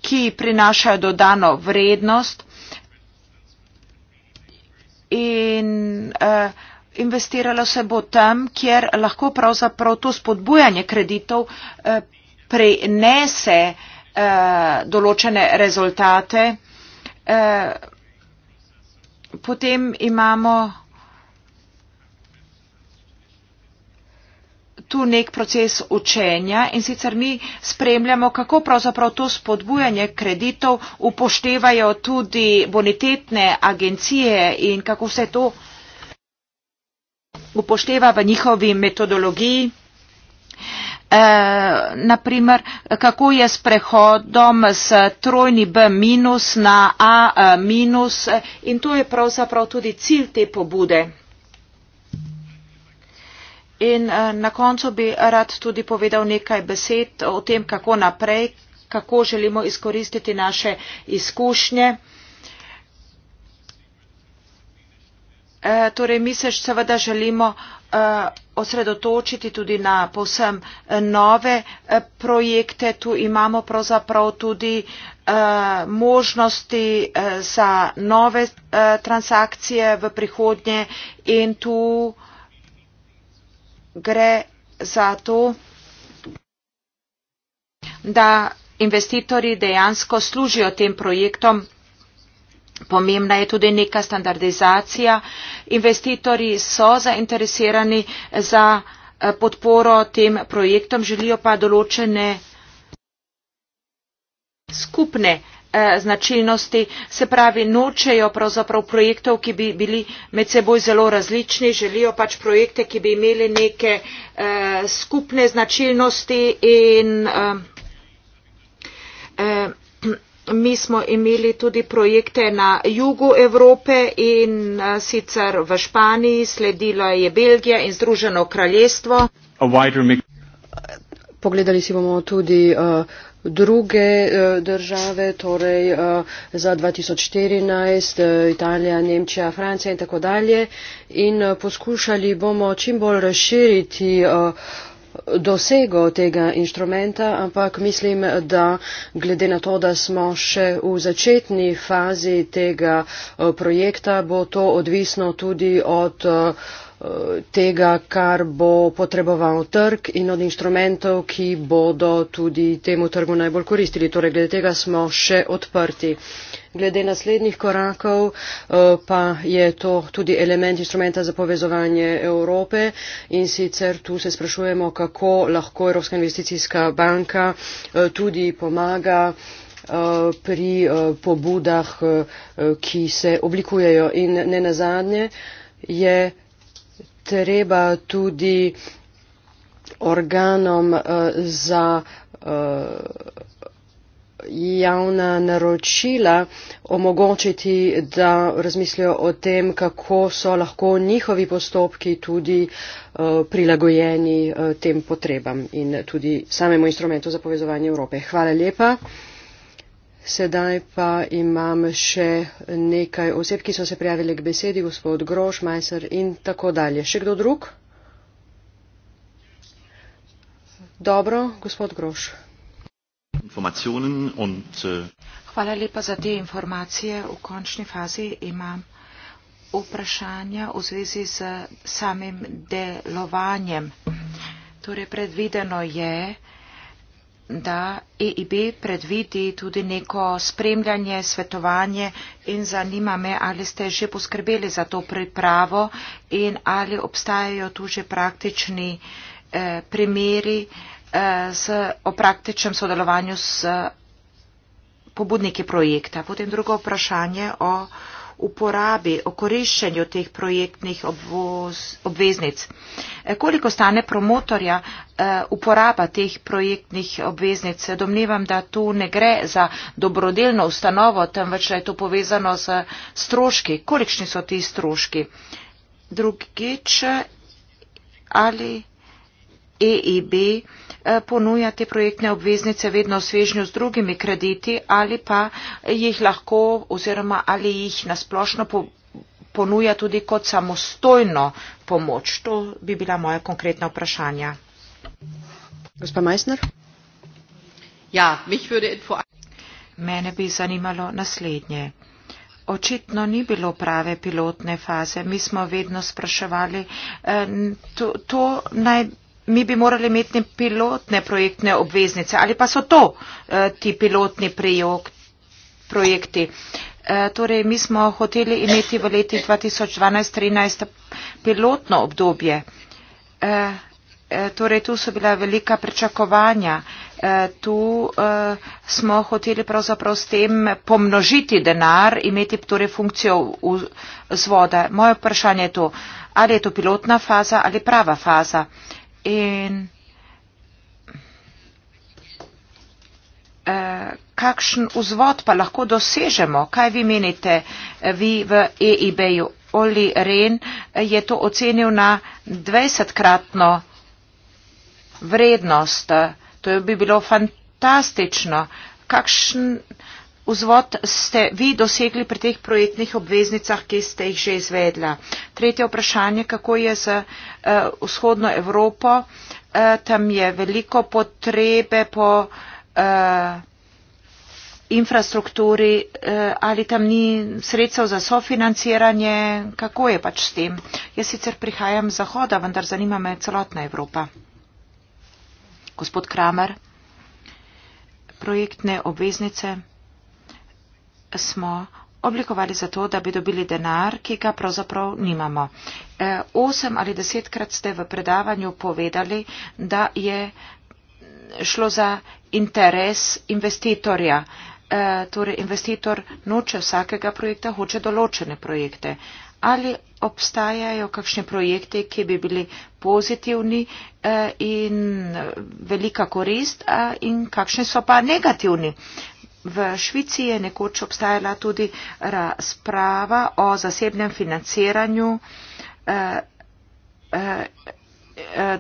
ki prinašajo dodano vrednost in uh, investiralo se bo tam, kjer lahko pravzaprav to spodbujanje kreditov eh, prinese eh, določene rezultate. Eh, potem imamo tu nek proces učenja in sicer mi spremljamo, kako pravzaprav to spodbujanje kreditov upoštevajo tudi bonitetne agencije in kako se to upošteva v njihovi metodologiji. E, eh, naprimer, kako je s prehodom s trojni B minus na A eh, minus eh, in to je pravzaprav tudi cilj te pobude. In e, na koncu bi rad tudi povedal nekaj besed o tem, kako naprej, kako želimo izkoristiti naše izkušnje. E, torej mi se seveda želimo e, osredotočiti tudi na povsem e, nove projekte. Tu imamo pravzaprav tudi možnosti za nove transakcije v prihodnje in tu gre za to, da investitorji dejansko služijo tem projektom Pomembna je tudi neka standardizacija. Investitorji so zainteresirani za eh, podporo tem projektom, želijo pa določene skupne eh, značilnosti, se pravi, nočejo pravzaprav projektov, ki bi bili med seboj zelo različni, želijo pač projekte, ki bi imeli neke eh, skupne značilnosti in eh, eh, Mi smo imeli tudi projekte na jugu Evrope in eh, sicer v Španiji, sledila je Belgija in Združeno kraljestvo.
Pogledali si bomo tudi uh, druge uh, države, torej uh, za 2014, uh, Italija, Nemčija, Francija in tako dalje. In uh, poskušali bomo čim bolj razširiti. Uh, dosego tega inštrumenta, ampak mislim, da glede na to, da smo še v začetni fazi tega eh, projekta, bo to odvisno tudi od eh, tega, kar bo potreboval trg in od inštrumentov, ki bodo tudi temu trgu najbolj koristili. Torej, glede tega smo še odprti. Uh, glede naslednjih korakov eh, pa je to tudi element instrumenta za povezovanje Evrope in sicer tu se sprašujemo, kako lahko Evropska investicijska banka eh, tudi pomaga eh, pri pobudah, ki se oblikujejo in ne nazadnje je treba tudi organom za javna naročila omogočiti, da razmislijo o tem, kako so lahko njihovi postopki tudi eh, prilagojeni eh, tem potrebam in tudi samemu instrumentu za povezovanje Evrope. Hvala lepa. Sedaj pa imam še nekaj oseb, ki so se prijavili k besedi, gospod Groš, Majser in tako dalje. Še kdo drug? Dobro, gospod Groš
informacijen in. Äh,
Hvala lepa za te informacije. V končni fazi imam vprašanja v zvezi z samim delovanjem. Torej predvideno je, da EIB predvidi tudi neko spremljanje, svetovanje in zanima me, ali ste že poskrbeli za to pripravo in ali obstajajo tu že praktični eh, primeri. Eh, Eh, s, o praktičnem sodelovanju s eh, pobudniki projekta. Potem drugo vprašanje o uporabi, o koriščenju teh projektnih obvoz, obveznic. Eh, koliko stane promotorja uporaba teh projektnih obveznic? Domnevam, da tu ne gre za dobrodelno ustanovo, temveč je to povezano z stroški. Kolikšni so ti stroški? Drugič, ali EIB Eh, ponujati projektne obveznice vedno v svežnju z drugimi krediti ali pa jih lahko oziroma ali jih nasplošno po, ponuja tudi kot samostojno pomoč. To bi bila moja konkretna vprašanja. Gospa Meissner? Ja, mich würde Mene bi zanimalo naslednje. Očitno ni bilo prave pilotne faze. Mi smo vedno spraševali, eh, to, to naj, mi bi morali imeti pilotne projektne obveznice ali pa so to eh, ti pilotni projekti. Eh, torej, mi smo hoteli imeti v leti 2012-2013 pilotno obdobje. Eh, torej, tu so bila velika pričakovanja. Tu smo hoteli pravzaprav s tem pomnožiti denar, imeti torej funkcijo z voda. Moje vprašanje je to, ali je to pilotna faza ali prava faza in eh, kakšen vzvod pa lahko dosežemo, kaj vi menite, eh, vi v EIB-ju. Oli Ren eh, je to ocenil na 20-kratno vrednost. Eh, to bi bilo fantastično. Kakšen, Vzvod ste vi dosegli pri teh projektnih obveznicah, ki ste jih že izvedla. Tretje vprašanje, kako je za uh, eh, vzhodno Evropo, uh, tam je veliko potrebe po uh, infrastrukturi, uh, ali tam ni sredstev za sofinanciranje, kako je pač s tem. Jaz sicer prihajam z Zahoda, vendar zanima me celotna Evropa. Gospod Kramer, projektne obveznice smo oblikovali zato, da bi dobili denar, ki ga pravzaprav nimamo. E, osem ali desetkrat ste v predavanju povedali, da je šlo za interes investitorja. E, torej, investitor noče vsakega projekta, hoče določene projekte. Ali obstajajo kakšni projekti, ki bi bili pozitivni e, in velika korist, a, in kakšni so pa negativni? V Švici je nekoč obstajala tudi razprava o zasebnem financiranju eh, eh, eh,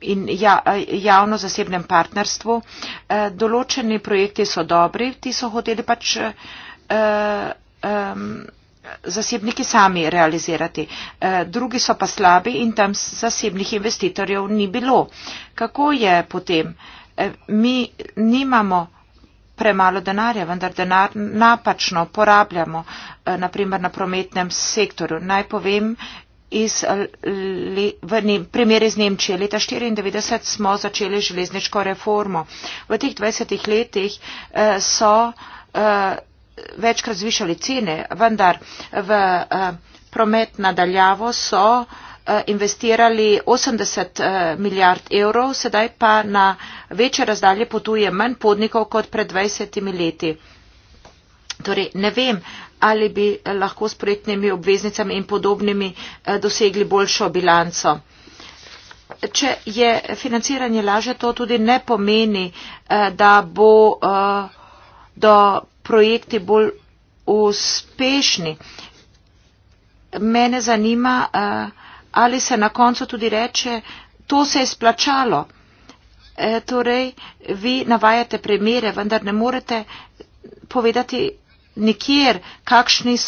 in ja, javno-zasebnem partnerstvu. Določeni projekti so dobri, ti so hoteli pač zasebniki sami realizirati. Drugi so pa slabi in tam zasebnih investitorjev ni bilo. Kako je potem? Mi nimamo premalo denarja, vendar denar napačno porabljamo, eh, naprimer na prometnem sektorju. Naj povem, iz, li, v, ne, primer iz Nemčije. Leta 1994 smo začeli železniško reformo. V teh 20 letih eh, so eh, večkrat zvišali cene, vendar v eh, promet nadaljavo so eh, Eh, investirali 80 eh, milijard evrov, sedaj pa na večje razdalje potuje manj podnikov kot pred 20 leti. Torej, ne vem, ali bi eh, lahko s projektnimi obveznicami in podobnimi dosegli boljšo bilanco. Če je financiranje laže, to tudi ne pomeni, da bo do projekti bolj uspešni. Mene zanima, uh, ali se na koncu tudi reče, to se je splačalo. E, torej, vi navajate primere, vendar ne morete povedati nikjer, kakšni,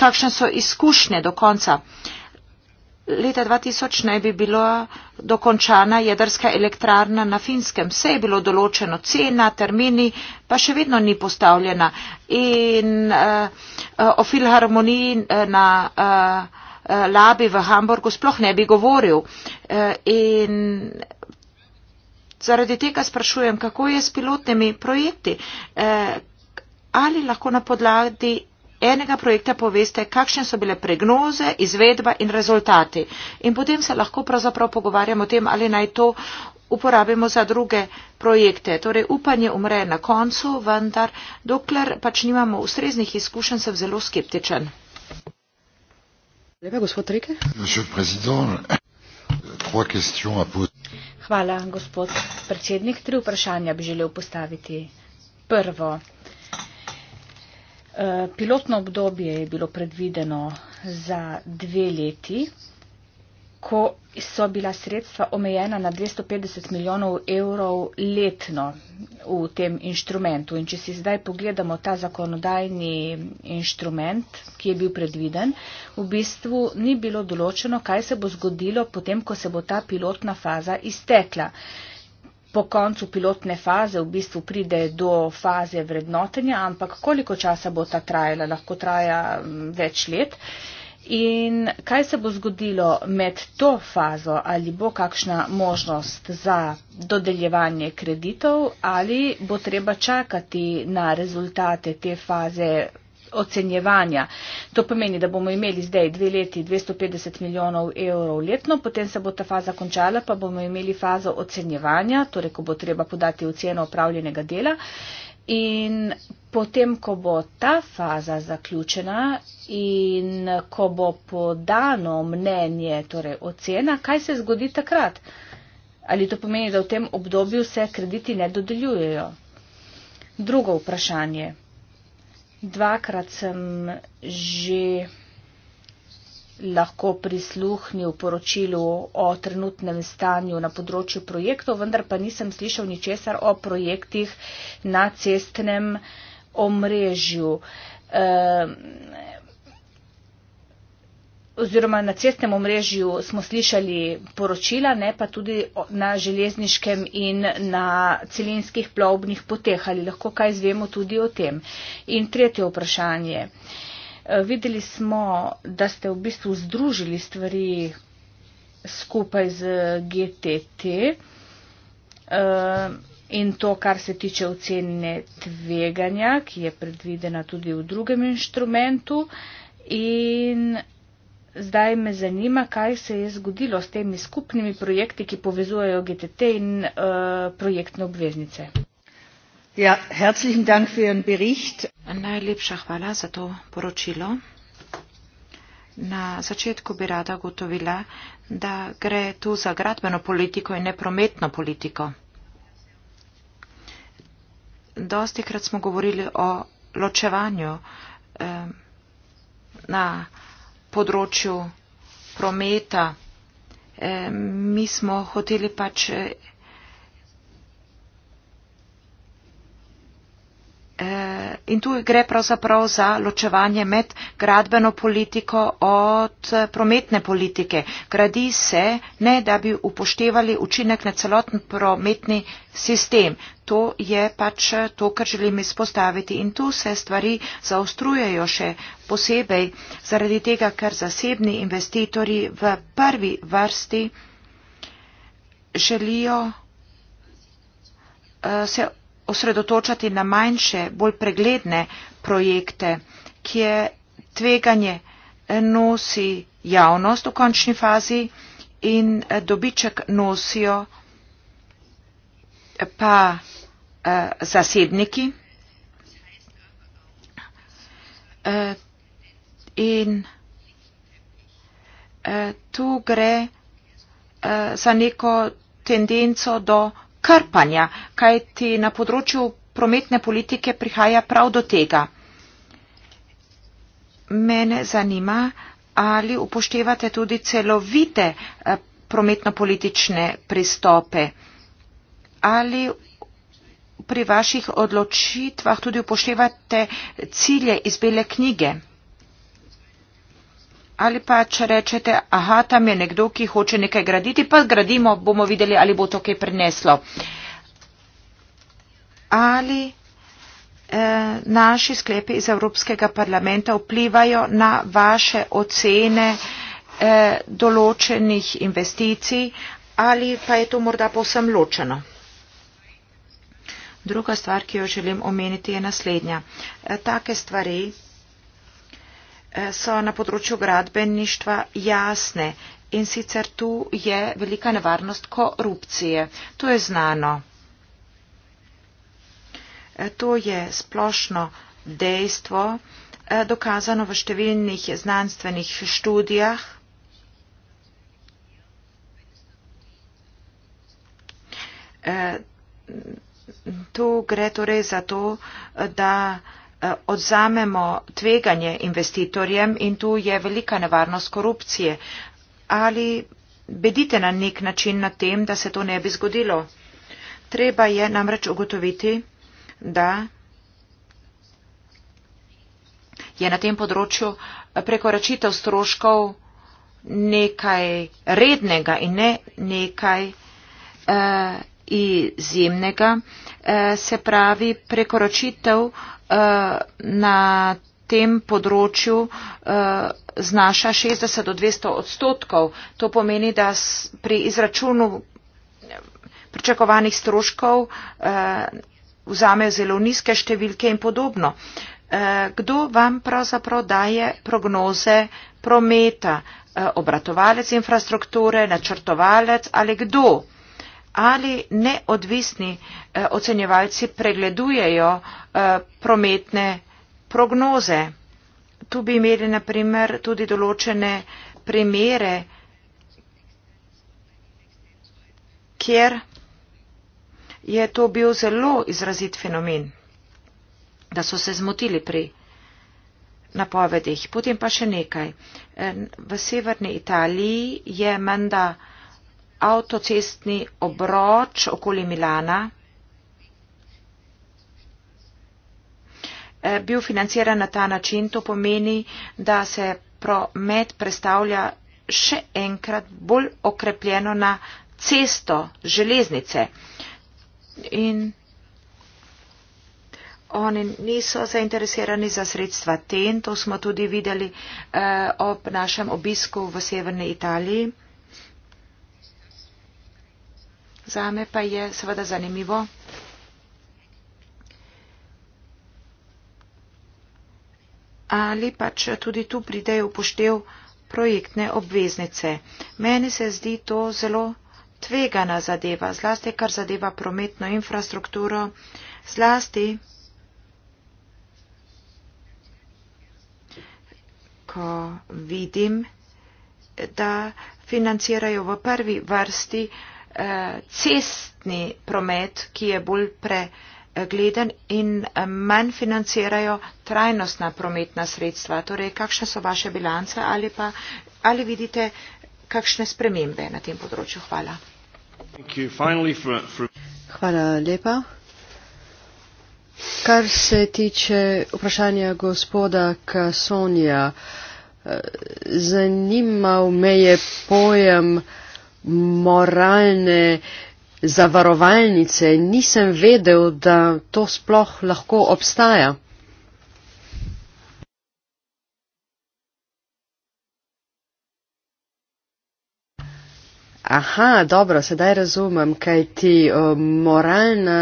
kakšne so izkušnje do konca. Leta 2000 naj bi bila dokončana jedrska elektrarna na Finskem. Vse je bilo določeno, cena, termini, pa še vedno ni postavljena. In uh, o filharmoniji e, na. Uh, Eh, labi v Hamburgu sploh ne bi govoril. Eh, in zaradi tega sprašujem, kako je s pilotnimi projekti. Eh, ali lahko na podlagi enega projekta poveste, kakšne so bile pregnoze, izvedba in rezultati. In potem se lahko pravzaprav pogovarjamo o tem, ali naj to uporabimo za druge projekte. Torej, upanje umre na koncu, vendar dokler pač nimamo ustreznih izkušenj, sem zelo skeptičen. Hvala,
gospod predsednik. Tri vprašanja bi želel postaviti. Prvo. Eh, pilotno obdobje je bilo predvideno za dve leti ko so bila sredstva omejena na 250 milijonov evrov letno v tem inštrumentu. In če si zdaj pogledamo ta zakonodajni inštrument, ki je bil predviden, v bistvu ni bilo določeno, kaj se bo zgodilo potem, ko se bo ta pilotna faza iztekla. Po koncu pilotne faze v bistvu pride do faze vrednotenja, ampak koliko časa bo ta trajala, lahko traja mm, več let. Uh, In kaj se bo zgodilo med to fazo? Ali bo kakšna možnost za dodeljevanje kreditov ali bo treba čakati na rezultate te faze? ocenjevanja. To pomeni, da bomo imeli zdaj dve leti 250 milijonov evrov letno, potem se bo ta faza končala, pa bomo imeli fazo ocenjevanja, torej ko bo treba podati oceno opravljenega dela In potem, ko bo ta faza zaključena in ko bo podano mnenje, torej ocena, kaj se zgodi takrat? Ali to pomeni, da v tem obdobju se krediti ne dodeljujejo? Drugo vprašanje. Dvakrat sem že lahko prisluhnil poročilu o trenutnem stanju na področju projektov, vendar pa nisem slišal ničesar o projektih na cestnem omrežju. Ehm, oziroma na cestnem omrežju smo slišali poročila, ne pa tudi na železniškem in na celinskih plovbnih poteh, ali lahko kaj izvemo tudi o tem. In tretje vprašanje. Eh, videli smo, da ste v bistvu združili stvari skupaj z GTT eh, in to, kar se tiče ocene tveganja, ki je predvidena tudi v drugem inštrumentu. In zdaj me zanima, kaj se je zgodilo s temi skupnimi projekti, ki povezujejo GTT in
eh, projektne obveznice. Ja, herzlichen Dank für Ihren Bericht. Najlepša hvala za to poročilo. Na začetku bi rada gotovila, da gre tu za gradbeno politiko in ne prometno politiko. Dosti krat smo govorili o ločevanju eh, na področju prometa. Eh, mi smo hoteli pač. Eh, Eh, in tu gre pravzaprav za ločevanje med gradbeno politiko od eh, prometne politike. Gradi se ne, da bi upoštevali učinek na celoten prometni sistem. To je pač eh, to, kar želim izpostaviti. In tu se stvari zaostrujejo še posebej zaradi tega, ker zasebni investitorji v prvi vrsti želijo se osredotočati na manjše, bolj pregledne projekte, kjer tveganje nosi javnost v končni fazi in eh, dobiček nosijo eh, pa eh, zasebniki. Eh, in eh, tu gre eh, za neko tendenco do krpanja, kajti na področju prometne politike prihaja prav do tega. Mene zanima, ali upoštevate tudi celovite eh, prometno-politične pristope, ali pri vaših odločitvah tudi upoštevate cilje iz bele knjige. Ali pa, če rečete, aha, tam je nekdo, ki hoče nekaj graditi, pa gradimo, bomo videli, ali bo to kaj prineslo. Ali eh, naši sklepi iz Evropskega parlamenta vplivajo na vaše ocene eh, določenih investicij ali pa je to morda povsem ločeno? Druga stvar, ki jo želim omeniti, je naslednja. Eh, take stvari so na področju gradbeništva jasne in sicer tu je velika nevarnost korupcije. To je znano. E, to je splošno dejstvo, e, dokazano v številnih znanstvenih študijah. E, tu gre torej za to, da Eh, odzamemo tveganje investitorjem in tu je velika nevarnost korupcije. Ali bedite na nek način na tem, da se to ne bi zgodilo? Treba je namreč ugotoviti, da je na tem področju prekoračitev stroškov nekaj rednega in ne nekaj uh, izjemnega. Uh, Eh, se pravi prekoračitev eh, na tem področju eh, znaša 60 do 200 odstotkov. To pomeni, da pri izračunu pričakovanih stroškov vzamejo zelo nizke številke in podobno. Kdo vam pravzaprav daje prognoze prometa? Obratovalec infrastrukture, načrtovalec ali kdo? ali neodvisni eh, ocenjevalci pregledujejo eh, prometne prognoze. Tu bi imeli naprimer tudi določene primere, kjer je to bil zelo izrazit fenomen, da so se zmotili pri napovedih. Potem pa še nekaj. Eh, v severni Italiji je menda avtocestni obroč okoli Milana eh, bil financiran na ta način. To pomeni, da se promet predstavlja še enkrat bolj okrepljeno na cesto železnice. In oni niso zainteresirani za sredstva TEN, to smo tudi videli eh, ob našem obisku v severni Italiji. Zame pa je seveda zanimivo, ali pač tudi tu pridejo upoštev projektne obveznice. Meni se zdi to zelo tvegana zadeva, zlasti kar zadeva prometno infrastrukturo, zlasti ko vidim, da financirajo v prvi vrsti uh, Eh, cestni promet, ki je bolj pregleden in eh, manj financirajo trajnostna prometna sredstva. Torej, kakšne so vaše bilance ali pa ali vidite kakšne spremembe na tem področju? Hvala. Hvala lepa. Kar se tiče
vprašanja gospoda Kasonija, eh, zanimal me je pojem, moralne zavarovalnice, nisem vedel, da to sploh lahko obstaja. Aha, dobro, sedaj razumem, kaj ti eh, moralno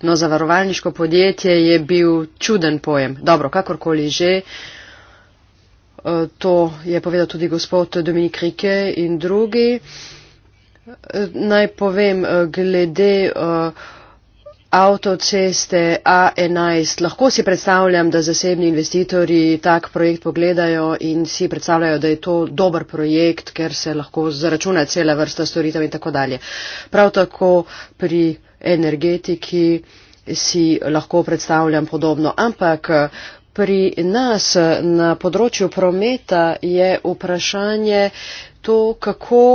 no, zavarovalniško podjetje je bil čuden pojem. Dobro, kakorkoli že, eh, to je povedal tudi gospod Dominik Rike in drugi. Um, Naj povem, eh, glede eh, avtoceste A11, lahko si predstavljam, da zasebni investitorji tak projekt pogledajo in si predstavljajo, da je to dober projekt, ker se lahko zaračuna cela vrsta storitev in tako dalje. Prav tako pri energetiki si lahko predstavljam podobno. Ampak eh, pri nas na področju prometa je vprašanje to, kako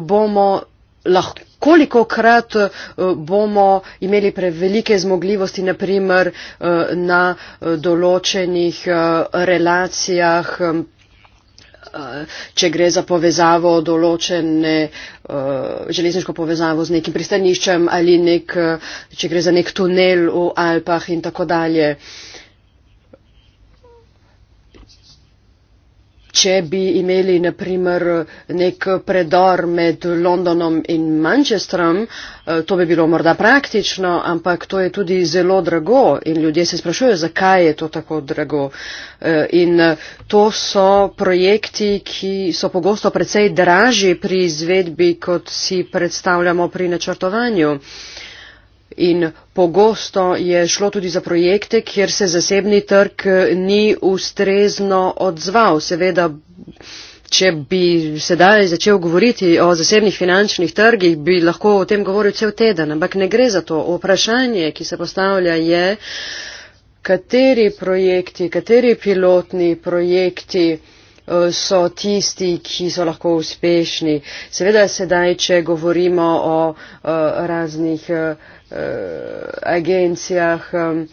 bomo lahko koliko krat eh, bomo imeli prevelike zmogljivosti, naprimer na eh, eh, določenih relacijah, če gre za povezavo določene, železniško povezavo z nekim pristaniščem ali nek, če gre za nek tunel v Alpah in tako dalje. če bi imeli naprimer nek predor med Londonom in Manchesterom, eh, to bi bilo morda praktično, ampak to je tudi zelo drago in ljudje se sprašujejo, zakaj je to tako drago. Eh, in eh, to so projekti, ki so pogosto precej dražji pri izvedbi, kot si predstavljamo pri načrtovanju. In pogosto je šlo tudi za projekte, kjer se zasebni trg eh, ni ustrezno odzval. Seveda, če bi sedaj začel govoriti o zasebnih finančnih trgih, bi lahko o tem govoril cel teden, ampak ne gre za to. Vprašanje, ki se postavlja, je, kateri projekti, kateri pilotni projekti eh, so tisti, ki so lahko uspešni. Seveda, sedaj, če govorimo o eh, raznih uh, agencijah um,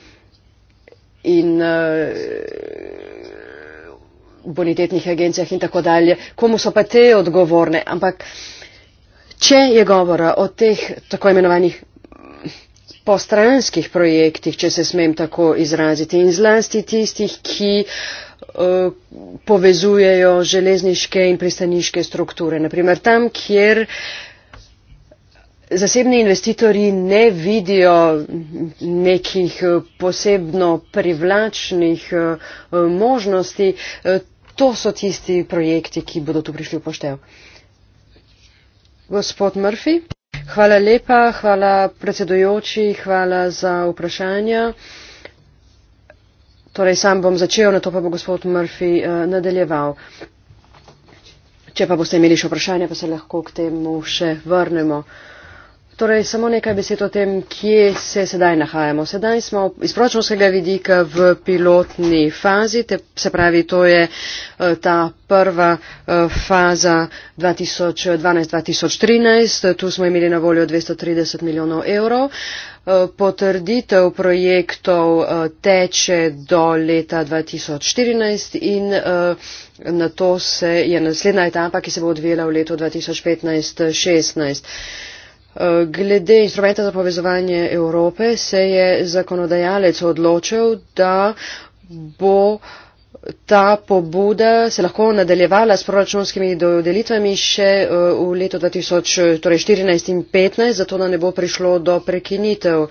in uh, bonitetnih agencijah in tako dalje, komu so pa te odgovorne. Ampak, če je govora o teh tako imenovanih postranskih projektih, če se smem tako izraziti, in zlasti tistih, ki eh, povezujejo železniške in pristaniške strukture. Naprimer, tam, kjer uh, zasebni investitorji ne vidijo nekih eh, posebno privlačnih eh, možnosti. Eh, to so tisti projekti, ki bodo tu prišli v poštev. Gospod Murphy. Hvala lepa, hvala predsedojoči, hvala za vprašanja. Torej, sam bom začel, na to pa bo gospod Murphy uh, nadaljeval. Če pa boste imeli še vprašanja, pa se lahko k temu še vrnemo. Uh, Torej, samo nekaj besed o tem, kje se sedaj nahajamo. Sedaj smo iz proračunskega vidika v pilotni fazi, te, se pravi, to je eh, ta prva eh, faza 2012-2013. Tu smo imeli na voljo 230 milijonov evrov. Eh, potrditev projektov teče do leta 2014 in. Na to se je naslednja etapa, ki se bo odvijala v letu 2015-2016. Glede instrumenta za povezovanje Evrope se je zakonodajalec odločil, da bo ta pobuda se lahko nadaljevala s proračunskimi dodelitvami še eh, v letu 2014 torej in 2015, zato da ne bo prišlo do prekinitev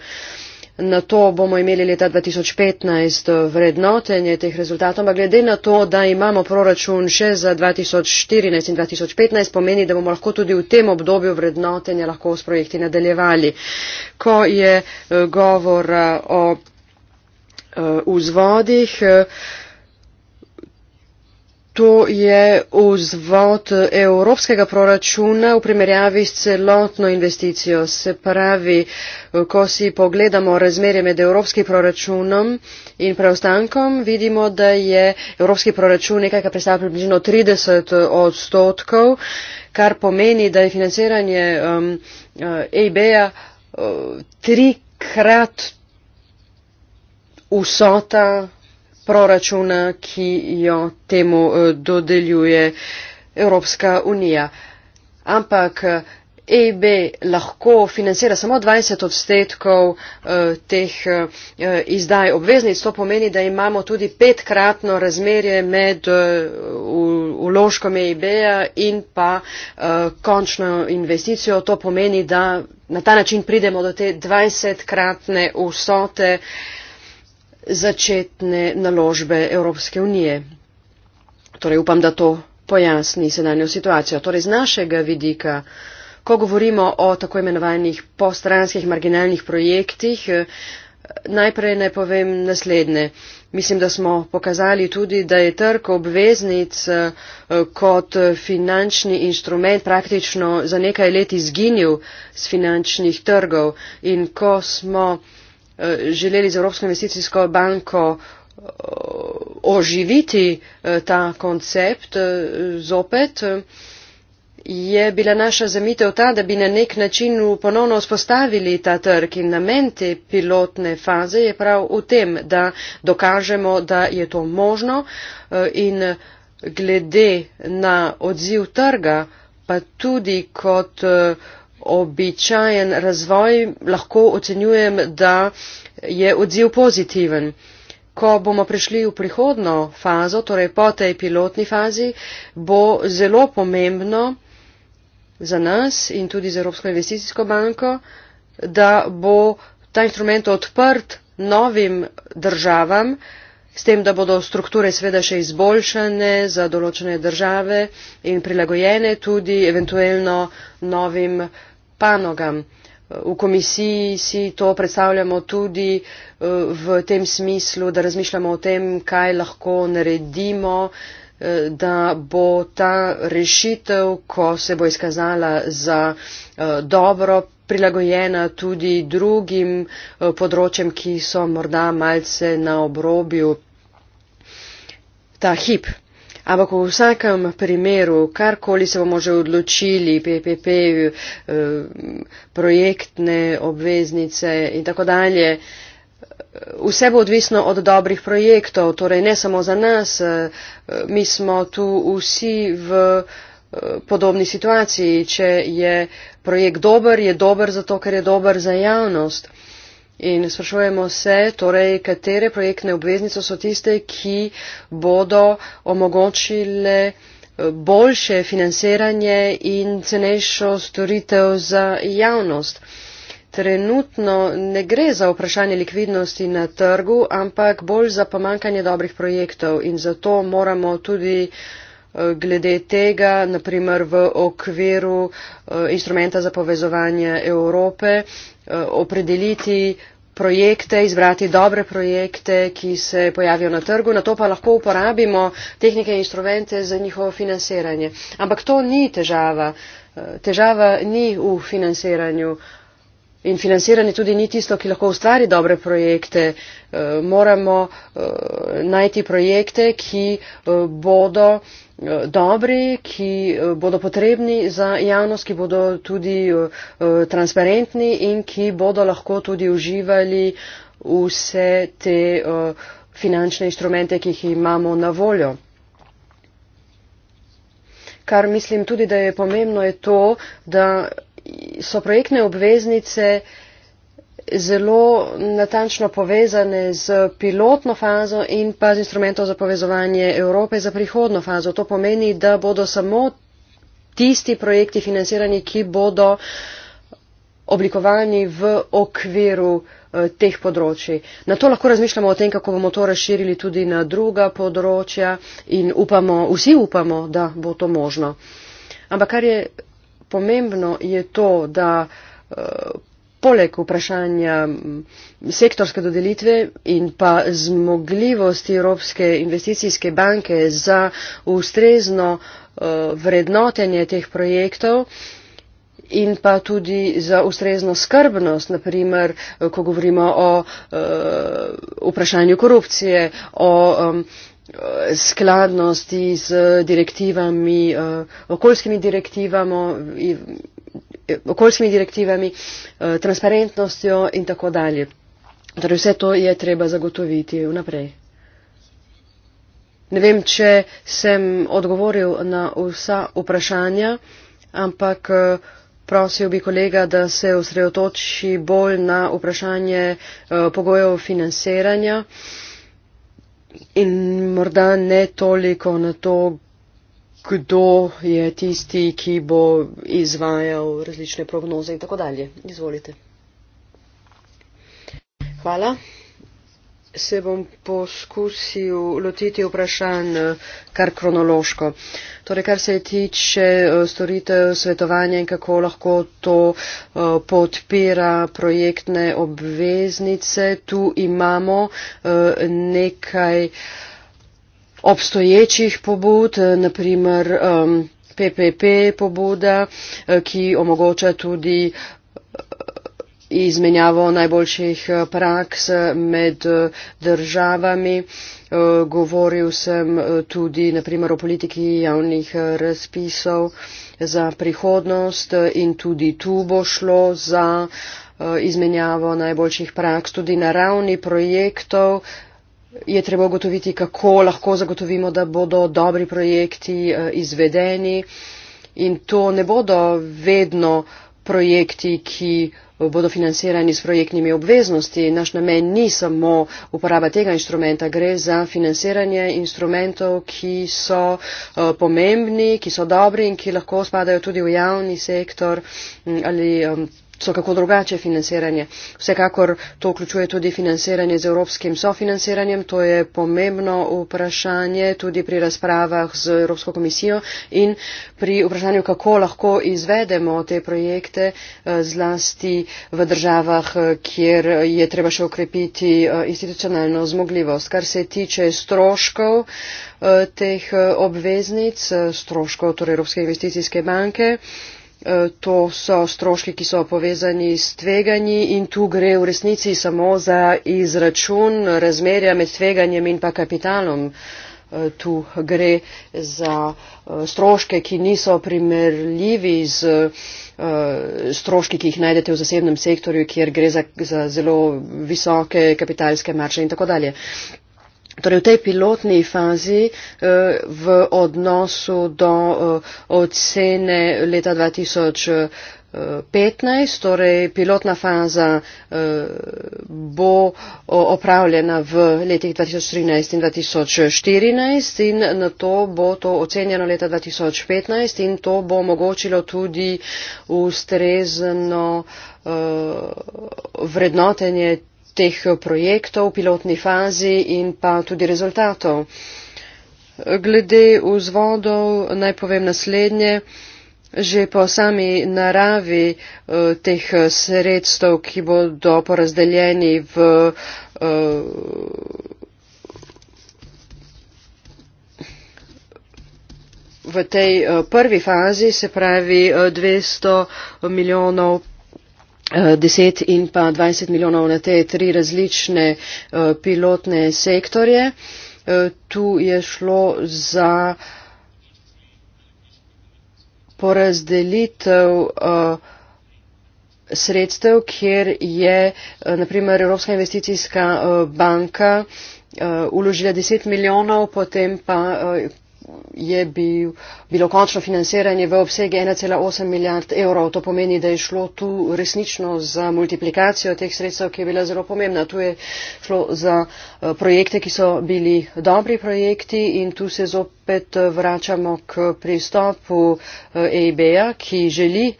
na to bomo imeli leta 2015 eh, vrednotenje teh rezultatov, ampak glede na to, da imamo proračun še za 2014 in 2015, pomeni, da bomo lahko tudi v tem obdobju vrednotenja lahko s projekti nadaljevali. Ko je eh, govor eh, o vzvodih, uh, To je vzvod evropskega proračuna v primerjavi s celotno investicijo. Se pravi, ko si pogledamo razmerje med evropskim proračunom in preostankom, vidimo, da je evropski proračun nekaj, kar predstavlja približno 30 odstotkov, kar pomeni, da je financiranje um, uh, EIB-a uh, trikrat vsota proračuna, ki jo temu eh, dodeljuje Evropska unija. Ampak EIB eh, e lahko financira samo 20 odstotkov eh, teh eh, izdaj obveznic. To pomeni, da imamo tudi petkratno razmerje med eh, uložkom EIB-a in pa eh, končno investicijo. To pomeni, da na ta način pridemo do te 20-kratne vsote eh, začetne naložbe Evropske unije. Torej upam, da to pojasni sedanjo situacijo. Torej z našega vidika, ko govorimo o tako imenovanih postranskih marginalnih projektih, najprej naj povem naslednje. Mislim, da smo pokazali tudi, da je trg obveznic eh, kot finančni instrument praktično za nekaj let izginil z finančnih trgov in ko smo Eh, želeli z Evropsko investicijsko banko eh, oživiti eh, ta koncept zopet, je bila naša zamitev ta, da bi na nek način ponovno vzpostavili ta trg in namen te pilotne faze je prav v tem, da dokažemo, da je to možno in glede na odziv trga, pa tudi kot uh, običajen razvoj, lahko ocenjujem, da je odziv pozitiven. Ko bomo prišli v prihodno fazo, torej po tej pilotni fazi, bo zelo pomembno za nas in tudi za Evropsko investicijsko banko, da bo ta instrument odprt novim državam, s tem, da bodo strukture sveda še izboljšane za določene države in prilagojene tudi eventualno novim državam panogam. V komisiji si to predstavljamo tudi eh, v tem smislu, da razmišljamo o tem, kaj lahko naredimo, eh, da bo ta rešitev, ko se bo izkazala za eh, dobro, prilagojena tudi drugim področjem, ki so morda malce na obrobju ta hip. Ampak v vsakem primeru, karkoli se bomo že odločili, PPP, eh, projektne obveznice in tako dalje, eh, vse bo odvisno od dobrih projektov, torej ne samo za nas, eh, mi smo tu vsi v podobni situaciji. Če je projekt dober, je dober zato, ker je dober za javnost. In sprašujemo se, torej, katere projektne obveznice so tiste, ki bodo omogočile eh, boljše financiranje in cenejšo storitev za javnost. Trenutno ne gre za vprašanje likvidnosti na trgu, ampak bolj za pomankanje dobrih projektov in zato moramo tudi uh, Eh, glede tega, naprimer v okviru eh, instrumenta za povezovanje Evrope, eh, opredeliti projekte, izbrati dobre projekte, ki se pojavijo na trgu, na to pa lahko uporabimo tehnike in instrumente za njihovo financiranje. Ampak to ni težava. Težava ni v financiranju. In financiranje tudi ni tisto, ki lahko ustvari dobre projekte. Moramo najti projekte, ki bodo dobri, ki eh, bodo potrebni za javnost, ki bodo tudi eh, eh, transparentni in ki bodo lahko tudi uživali vse te finančne inštrumente, ki jih imamo na voljo. Kar mislim tudi, da je pomembno, je to, da so projektne obveznice uh, zelo natančno povezane z pilotno fazo in pa z instrumentom za povezovanje Evrope za prihodno fazo. To pomeni, da bodo samo tisti projekti financirani, ki bodo oblikovani v okviru eh, teh področji. Na to lahko razmišljamo o tem, kako bomo to razširili tudi na druga področja in upamo, vsi upamo, da bo to možno. Ampak kar je pomembno, je to, da eh, poleg vprašanja sektorske dodelitve in pa zmogljivosti Evropske investicijske banke za ustrezno eh, vrednotenje teh projektov in pa tudi za ustrezno skrbnost, naprimer, eh, ko govorimo o eh, vprašanju korupcije, o skladnosti z direktivami, okoljskimi direktivami okoljskimi direktivami, eh, transparentnostjo in tako dalje. Torej vse to je treba zagotoviti vnaprej. Ne vem, če sem odgovoril na vsa vprašanja, ampak eh, prosil bi kolega, da se osredotoči bolj na vprašanje eh, pogojev financiranja in morda ne toliko na to, kdo je tisti, ki bo izvajal različne prognoze in tako dalje. Izvolite. Hvala. Se bom poskusil lotiti vprašanj kar kronološko. Torej, kar se tiče eh, storitev svetovanja in kako lahko to eh, podpira projektne obveznice, tu imamo eh, nekaj obstoječih pobud, eh, naprimer um, PPP pobuda, eh, ki omogoča tudi eh, izmenjavo najboljših praks med državami. Govoril sem tudi naprimer o politiki javnih razpisov za prihodnost in tudi tu bo šlo za izmenjavo najboljših praks tudi na ravni projektov, je treba ugotoviti, kako lahko zagotovimo, da bodo dobri projekti eh, izvedeni. In to ne bodo vedno projekti, ki bodo financirani s projektnimi obveznosti. Naš namen ni samo uporaba tega inštrumenta, gre za financiranje inštrumentov, ki so eh, pomembni, ki so dobri in ki lahko spadajo tudi v javni sektor mm, ali. Um, vsekako drugače financiranje. Vsekakor to vključuje tudi financiranje z evropskim sofinanciranjem. To je pomembno vprašanje tudi pri razpravah z Evropsko komisijo in pri vprašanju, kako lahko izvedemo te projekte eh, zlasti v državah, eh, kjer je treba še ukrepiti eh, institucionalno zmogljivost. Kar se tiče stroškov teh obveznic, stroškov torej Evropske investicijske banke, E, to so stroški, ki so povezani s tveganji in tu gre v resnici samo za izračun razmerja med tveganjem in pa kapitalom. E, tu gre za e, stroške, ki niso primerljivi z stroški, ki jih najdete v zasebnem sektorju, kjer gre za, za zelo visoke kapitalske marše in tako dalje. Torej v tej pilotni fazi eh, v odnosu do eh, ocene leta 2015, torej pilotna faza eh, bo opravljena v letih 2013 in 2014 in na to bo to ocenjeno leta 2015 in to bo omogočilo tudi ustrezno vrednotenje teh projektov, pilotni fazi in pa tudi rezultatov. Glede vzvodov naj povem naslednje. Že po sami naravi eh, teh sredstev, ki bodo porazdeljeni v eh, v tej eh, prvi fazi, se pravi 200 milijonov Eh, deset in pa dvajset milijonov na te tri različne eh, pilotne sektorje. Eh, tu je šlo za porazdelitev sredstev, kjer je naprimer Evropska investicijska banka uložila 10 milijonov, potem pa je bil, bilo končno financiranje v obsegi 1,8 milijard evrov. To pomeni, da je šlo tu resnično za multiplikacijo teh sredstev, ki je bila zelo pomembna. Tu je šlo za eh, projekte, ki so bili dobri projekti in tu se zopet eh, vračamo k pristopu EIB-a, eh, e ki želi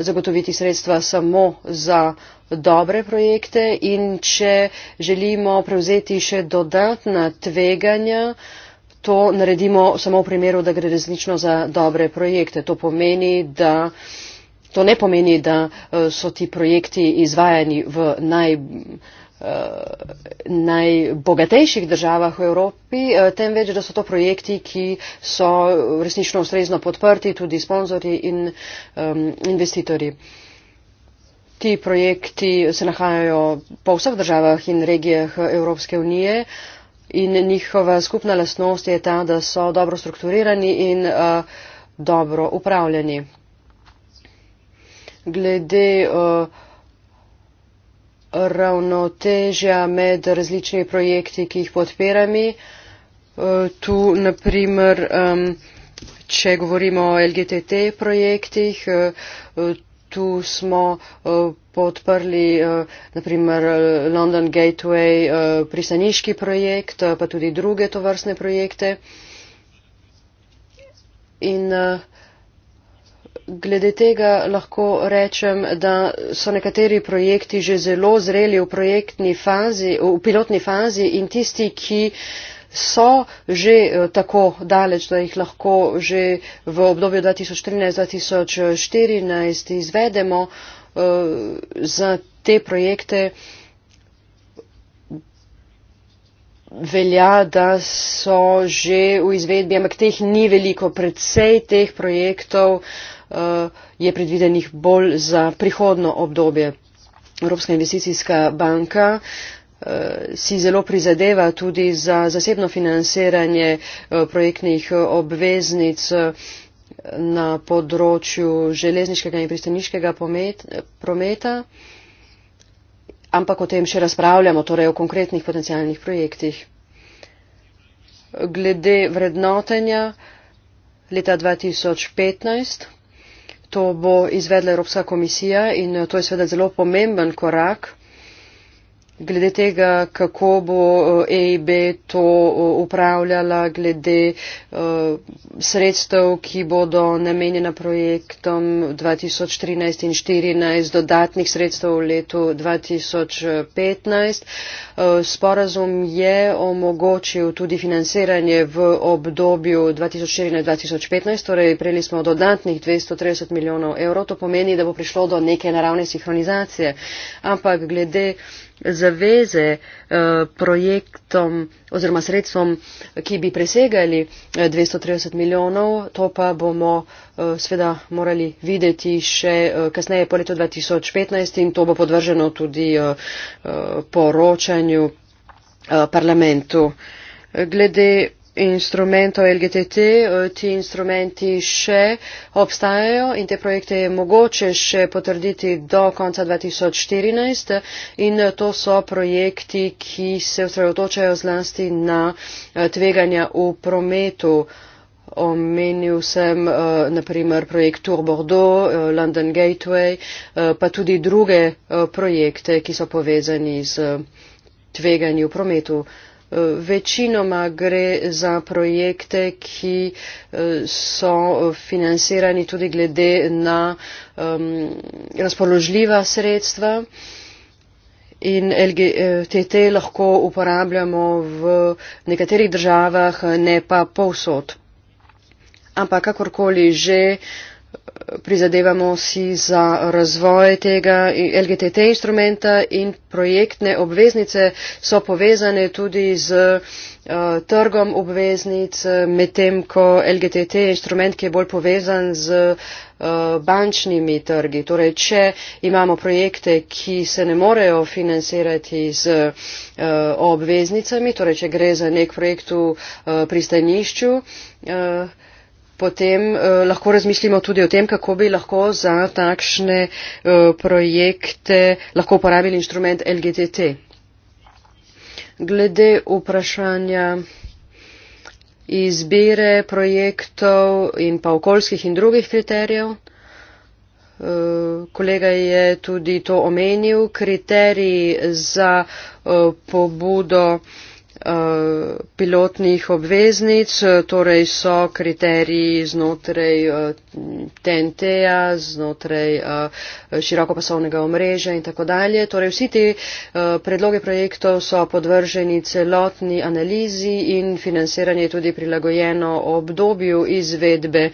zagotoviti sredstva samo za dobre projekte in če želimo prevzeti še dodatna tveganja, to naredimo samo v primeru, da gre resnično za dobre projekte. To pomeni, da. To ne pomeni, da eh, so ti projekti izvajani v naj, eh, najbogatejših državah v Evropi, eh, temveč, da so to projekti, ki so resnično ustrezno podprti tudi sponzorji in um, investitorji. Ti projekti se nahajajo po vseh državah in regijah Evropske unije. Um, in njihova skupna lasnost je ta, da so dobro strukturirani in uh, dobro upravljeni. Glede uh, ravnotežja med različnimi projekti, ki jih podpirami, uh, tu naprimer, um, če govorimo o LGTT projektih, uh, tu smo uh, podprli uh, eh, naprimer London Gateway uh, pristaniški projekt, uh, pa tudi druge tovrstne projekte. In uh, glede tega lahko rečem, da so nekateri projekti že zelo zreli v, fazi, v pilotni fazi in tisti, ki uh, so že eh, tako daleč, da jih lahko že v obdobju 2013-2014 izvedemo eh, za te projekte. Velja, da so že v izvedbi, ampak teh ni veliko. Predvsej teh projektov uh, je predvidenih bolj za prihodno obdobje. Evropska investicijska banka uh, Eh, si zelo prizadeva tudi za zasebno financiranje eh, projektnih obveznic eh, na področju železniškega in pristaniškega prometa, ampak o tem še razpravljamo, torej o konkretnih potencijalnih projektih. Glede vrednotenja leta 2015, to bo izvedla Evropska komisija in to je seveda zelo pomemben korak glede tega, kako bo EIB eh, e to eh, upravljala, glede eh, sredstev, ki bodo namenjena projektom 2013 in 2014, dodatnih sredstev v letu 2015. Sporazum je omogočil tudi financiranje v obdobju 2014-2015, torej prejeli smo dodatnih 230 milijonov evrov. To pomeni, da bo prišlo do neke naravne sinhronizacije. Ampak glede zaveze eh, projektom oziroma sredstvom, ki bi presegali 230 eh, milijonov, to pa bomo eh, sveda morali videti še kasneje po letu 2015 in to bo podvrženo tudi poročanju parlamentu. Glede instrumentov LGTT, uh, ti instrumenti še obstajajo in te projekte je mogoče še potrditi do konca 2014 in to so projekti, ki se osredotočajo zlasti na uh, tveganja v prometu. Omenil sem uh, naprimer projekt Tour Bordeaux, uh, London Gateway, uh, pa tudi druge uh, projekte, ki so povezani z uh, tveganjem v prometu. Uh, Večinoma gre za projekte, ki eh, so financirani tudi glede na um, razpoložljiva sredstva in LGTT lahko uporabljamo v nekaterih državah, ne pa povsod. Ampak kakorkoli že, uh, prizadevamo si za razvoj tega LGTT instrumenta in projektne obveznice so povezane tudi z eh, trgom obveznic, medtem ko LGTT je instrument, ki je bolj povezan z eh, bančnimi trgi. Torej, če imamo projekte, ki se ne morejo financirati z eh, obveznicami, torej, če gre za nek projekt v pristanišču, potem eh, lahko razmislimo tudi o tem, kako bi lahko za takšne eh, projekte lahko uporabili instrument LGTT. Glede vprašanja izbire projektov in pa okoljskih in drugih kriterijev. Eh, kolega je tudi to omenil, kriteriji za eh, pobudo Eh, pilotnih obveznic, torej so kriteriji znotraj eh, TNT-ja, znotraj eh, širokopasovnega omrežja in tako dalje. Torej vsi ti predloge projektov so podvrženi celotni analizi in financiranje je tudi prilagojeno obdobju izvedbe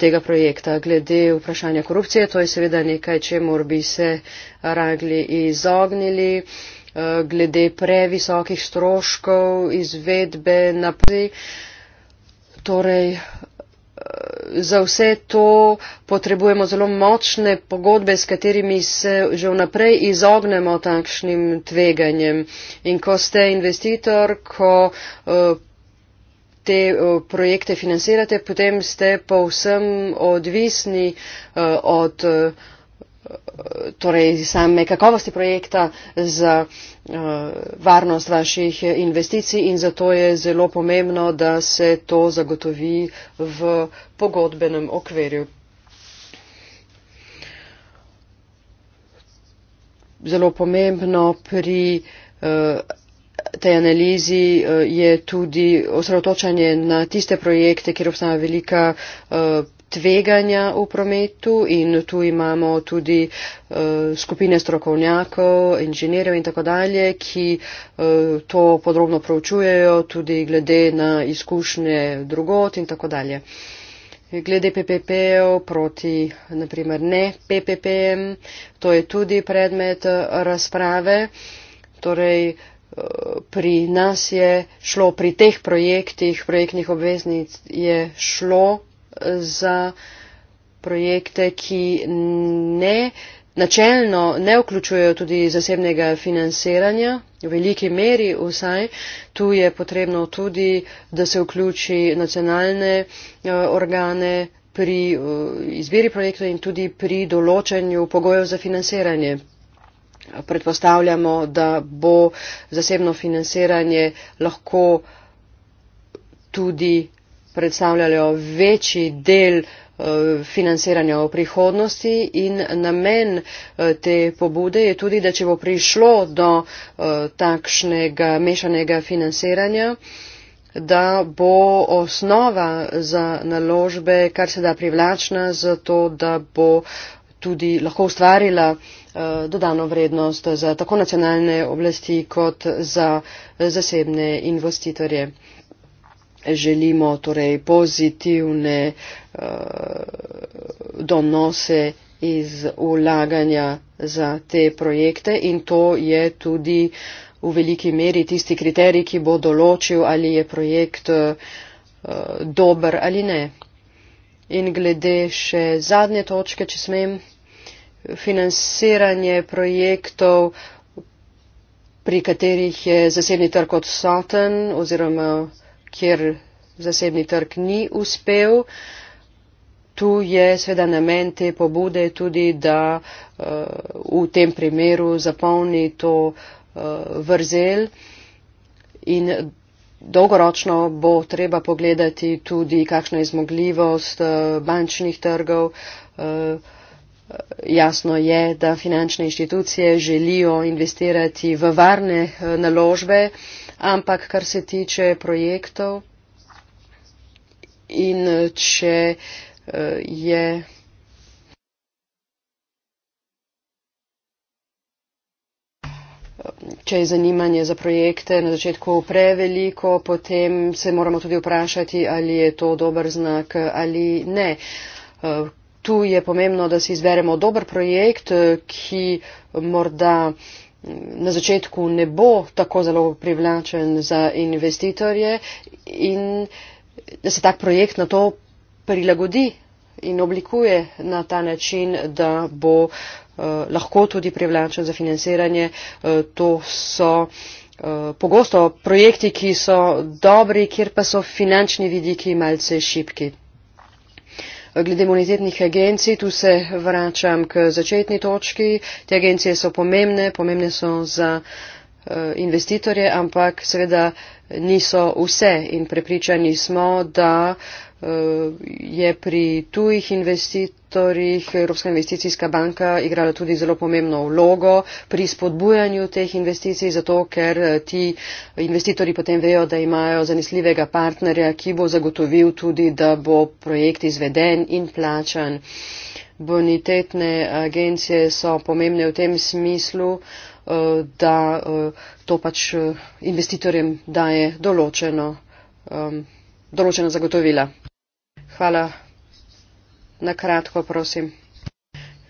tega projekta. Glede vprašanja korupcije, to je seveda nekaj, čemu bi se ragli izognili. Eh, glede previsokih stroškov izvedbe naprej. Torej, eh, za vse to potrebujemo zelo močne pogodbe, s katerimi se že vnaprej izognemo takšnim tveganjem. In ko ste investitor, ko eh, te projekte financirate, potem ste povsem odvisni od torej same kakovosti projekta za eh, varnost vaših investicij in zato je zelo pomembno, da se to zagotovi v pogodbenem okvirju. Zelo pomembno pri eh, tej analizi eh, je tudi osredotočanje na tiste projekte, kjer obstaja velika tveganja v prometu in tu imamo tudi uh, skupine strokovnjakov, inženirjev in tako dalje, ki uh, to podrobno proučujejo tudi glede na izkušnje drugot in tako dalje. Glede PPP-ev proti naprimer ne PPP-em, to je tudi predmet eh, razprave. Torej, pri nas je šlo, pri teh projektih, projektnih obveznic je šlo za projekte, ki ne, načelno ne vključujejo tudi zasebnega financiranja, v veliki meri vsaj. Tu je potrebno tudi, da se vključi nacionalne eh, organe pri eh, izbiri projektov in tudi pri določanju pogojev za financiranje. Predpostavljamo, da bo zasebno financiranje lahko tudi predstavljajo večji del eh, financiranja v prihodnosti in namen eh, te pobude je tudi, da če bo prišlo do eh, takšnega mešanega financiranja, da bo osnova za naložbe kar se da privlačna za to, da bo tudi lahko ustvarila dodano vrednost za tako nacionalne oblasti kot za zasebne investitorje želimo torej pozitivne uh, donose iz ulaganja za te projekte in to je tudi v veliki meri tisti kriterij, ki bo določil, ali je projekt uh, dober ali ne. In glede še zadnje točke, če smem, financiranje projektov, pri katerih je zasebni trg odsoten oziroma kjer zasebni trg ni uspel. Tu je seveda namen te pobude tudi, da eh, v tem primeru zapolni to eh, vrzel in dolgoročno bo treba pogledati tudi, kakšna je zmogljivost eh, bančnih trgov. Jasno je, da finančne inštitucije želijo investirati v varne naložbe ampak kar se tiče projektov in če eh, je. Če je zanimanje za projekte na začetku preveliko, potem se moramo tudi vprašati, ali je to dober znak ali ne. Eh, tu je pomembno, da si izberemo dober projekt, eh, ki morda na začetku ne bo tako zelo privlačen za investitorje in da se tak projekt na to prilagodi in oblikuje na ta način, da bo uh, lahko tudi privlačen za financiranje. Uh, to so uh, pogosto projekti, ki so dobri, kjer pa so finančni vidiki malce šipki glede monetetnih agencij, tu se vračam k začetni točki. Te agencije so pomembne, pomembne so za eh, investitorje, ampak seveda niso vse in prepričani smo, da eh, je pri tujih investitorjih sektorjih Evropska investicijska banka igrala tudi zelo pomembno vlogo pri spodbujanju teh investicij, zato ker eh, ti investitorji potem vejo, da imajo zanesljivega partnerja, ki bo zagotovil tudi, da bo projekt izveden in plačan. Bonitetne agencije so pomembne v tem smislu, eh, da eh, to pač investitorjem daje določeno, določeno zagotovila. Hvala. Na kratko, prosim.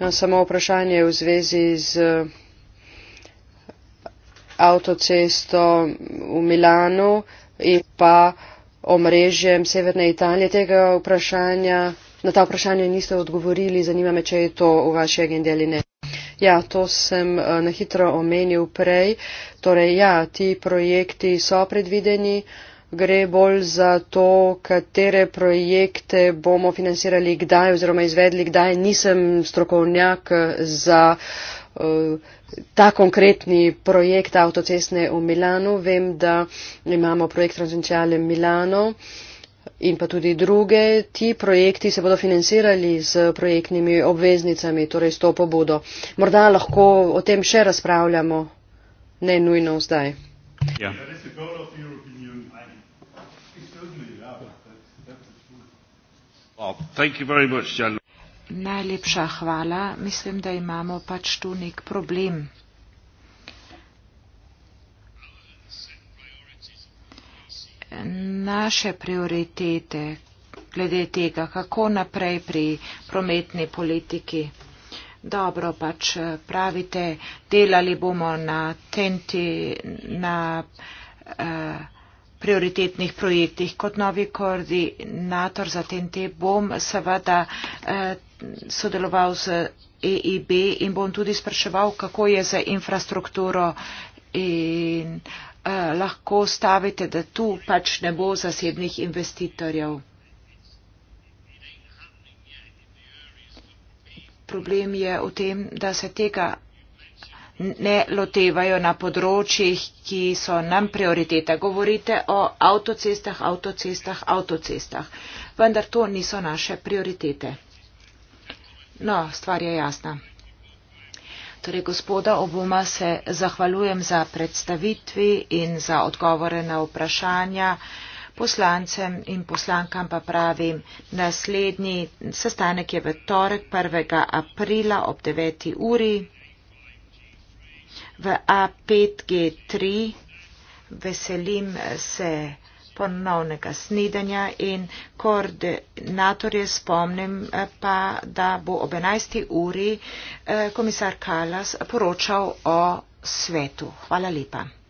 Imam samo vprašanje v zvezi z eh, avtocesto v Milanu in pa omrežjem severne Italije. Tega vprašanja, na ta vprašanje niste odgovorili, zanima me, če je to v vaši agendi ali ne. Ja, to sem eh, na hitro omenil prej. Torej, ja, ti projekti so predvideni. Uh, gre bolj za to, katere projekte bomo financirali kdaj oziroma izvedli kdaj. Nisem strokovnjak za eh, ta konkretni projekt avtocestne v Milanu. Vem, da imamo projekt Transvenciale Milano in pa tudi druge. Ti projekti se bodo financirali z projektnimi obveznicami, torej s to pobudo. Morda lahko o tem še razpravljamo, ne nujno zdaj.
Yeah. Ja.
Najlepša hvala. Mislim, da imamo pač tu nek problem. Naše prioritete glede tega, kako naprej pri prometni politiki. Dobro, pač pravite, delali bomo na tenti, na. Uh, prioritetnih projektih. Kot novi koordinator za TNT bom seveda eh, sodeloval z EIB in bom tudi spraševal, kako je za infrastrukturo in eh, lahko stavite, da tu pač ne bo zasebnih investitorjev. Problem je v tem, da se tega ne lotevajo na področjih, ki so nam prioriteta. Govorite o avtocestah, avtocestah, avtocestah, vendar to niso naše prioritete. No, stvar je jasna. Torej, gospoda Obuma se zahvaljujem za predstavitvi in za odgovore na vprašanja. Poslancem in poslankam pa pravim, naslednji sestanek je v torek 1. aprila ob 9. uri v A5G3. Veselim se ponovnega snidanja in koordinatorje spomnim eh, pa, da bo ob 11. uri eh, komisar Kalas poročal o svetu. Hvala lepa.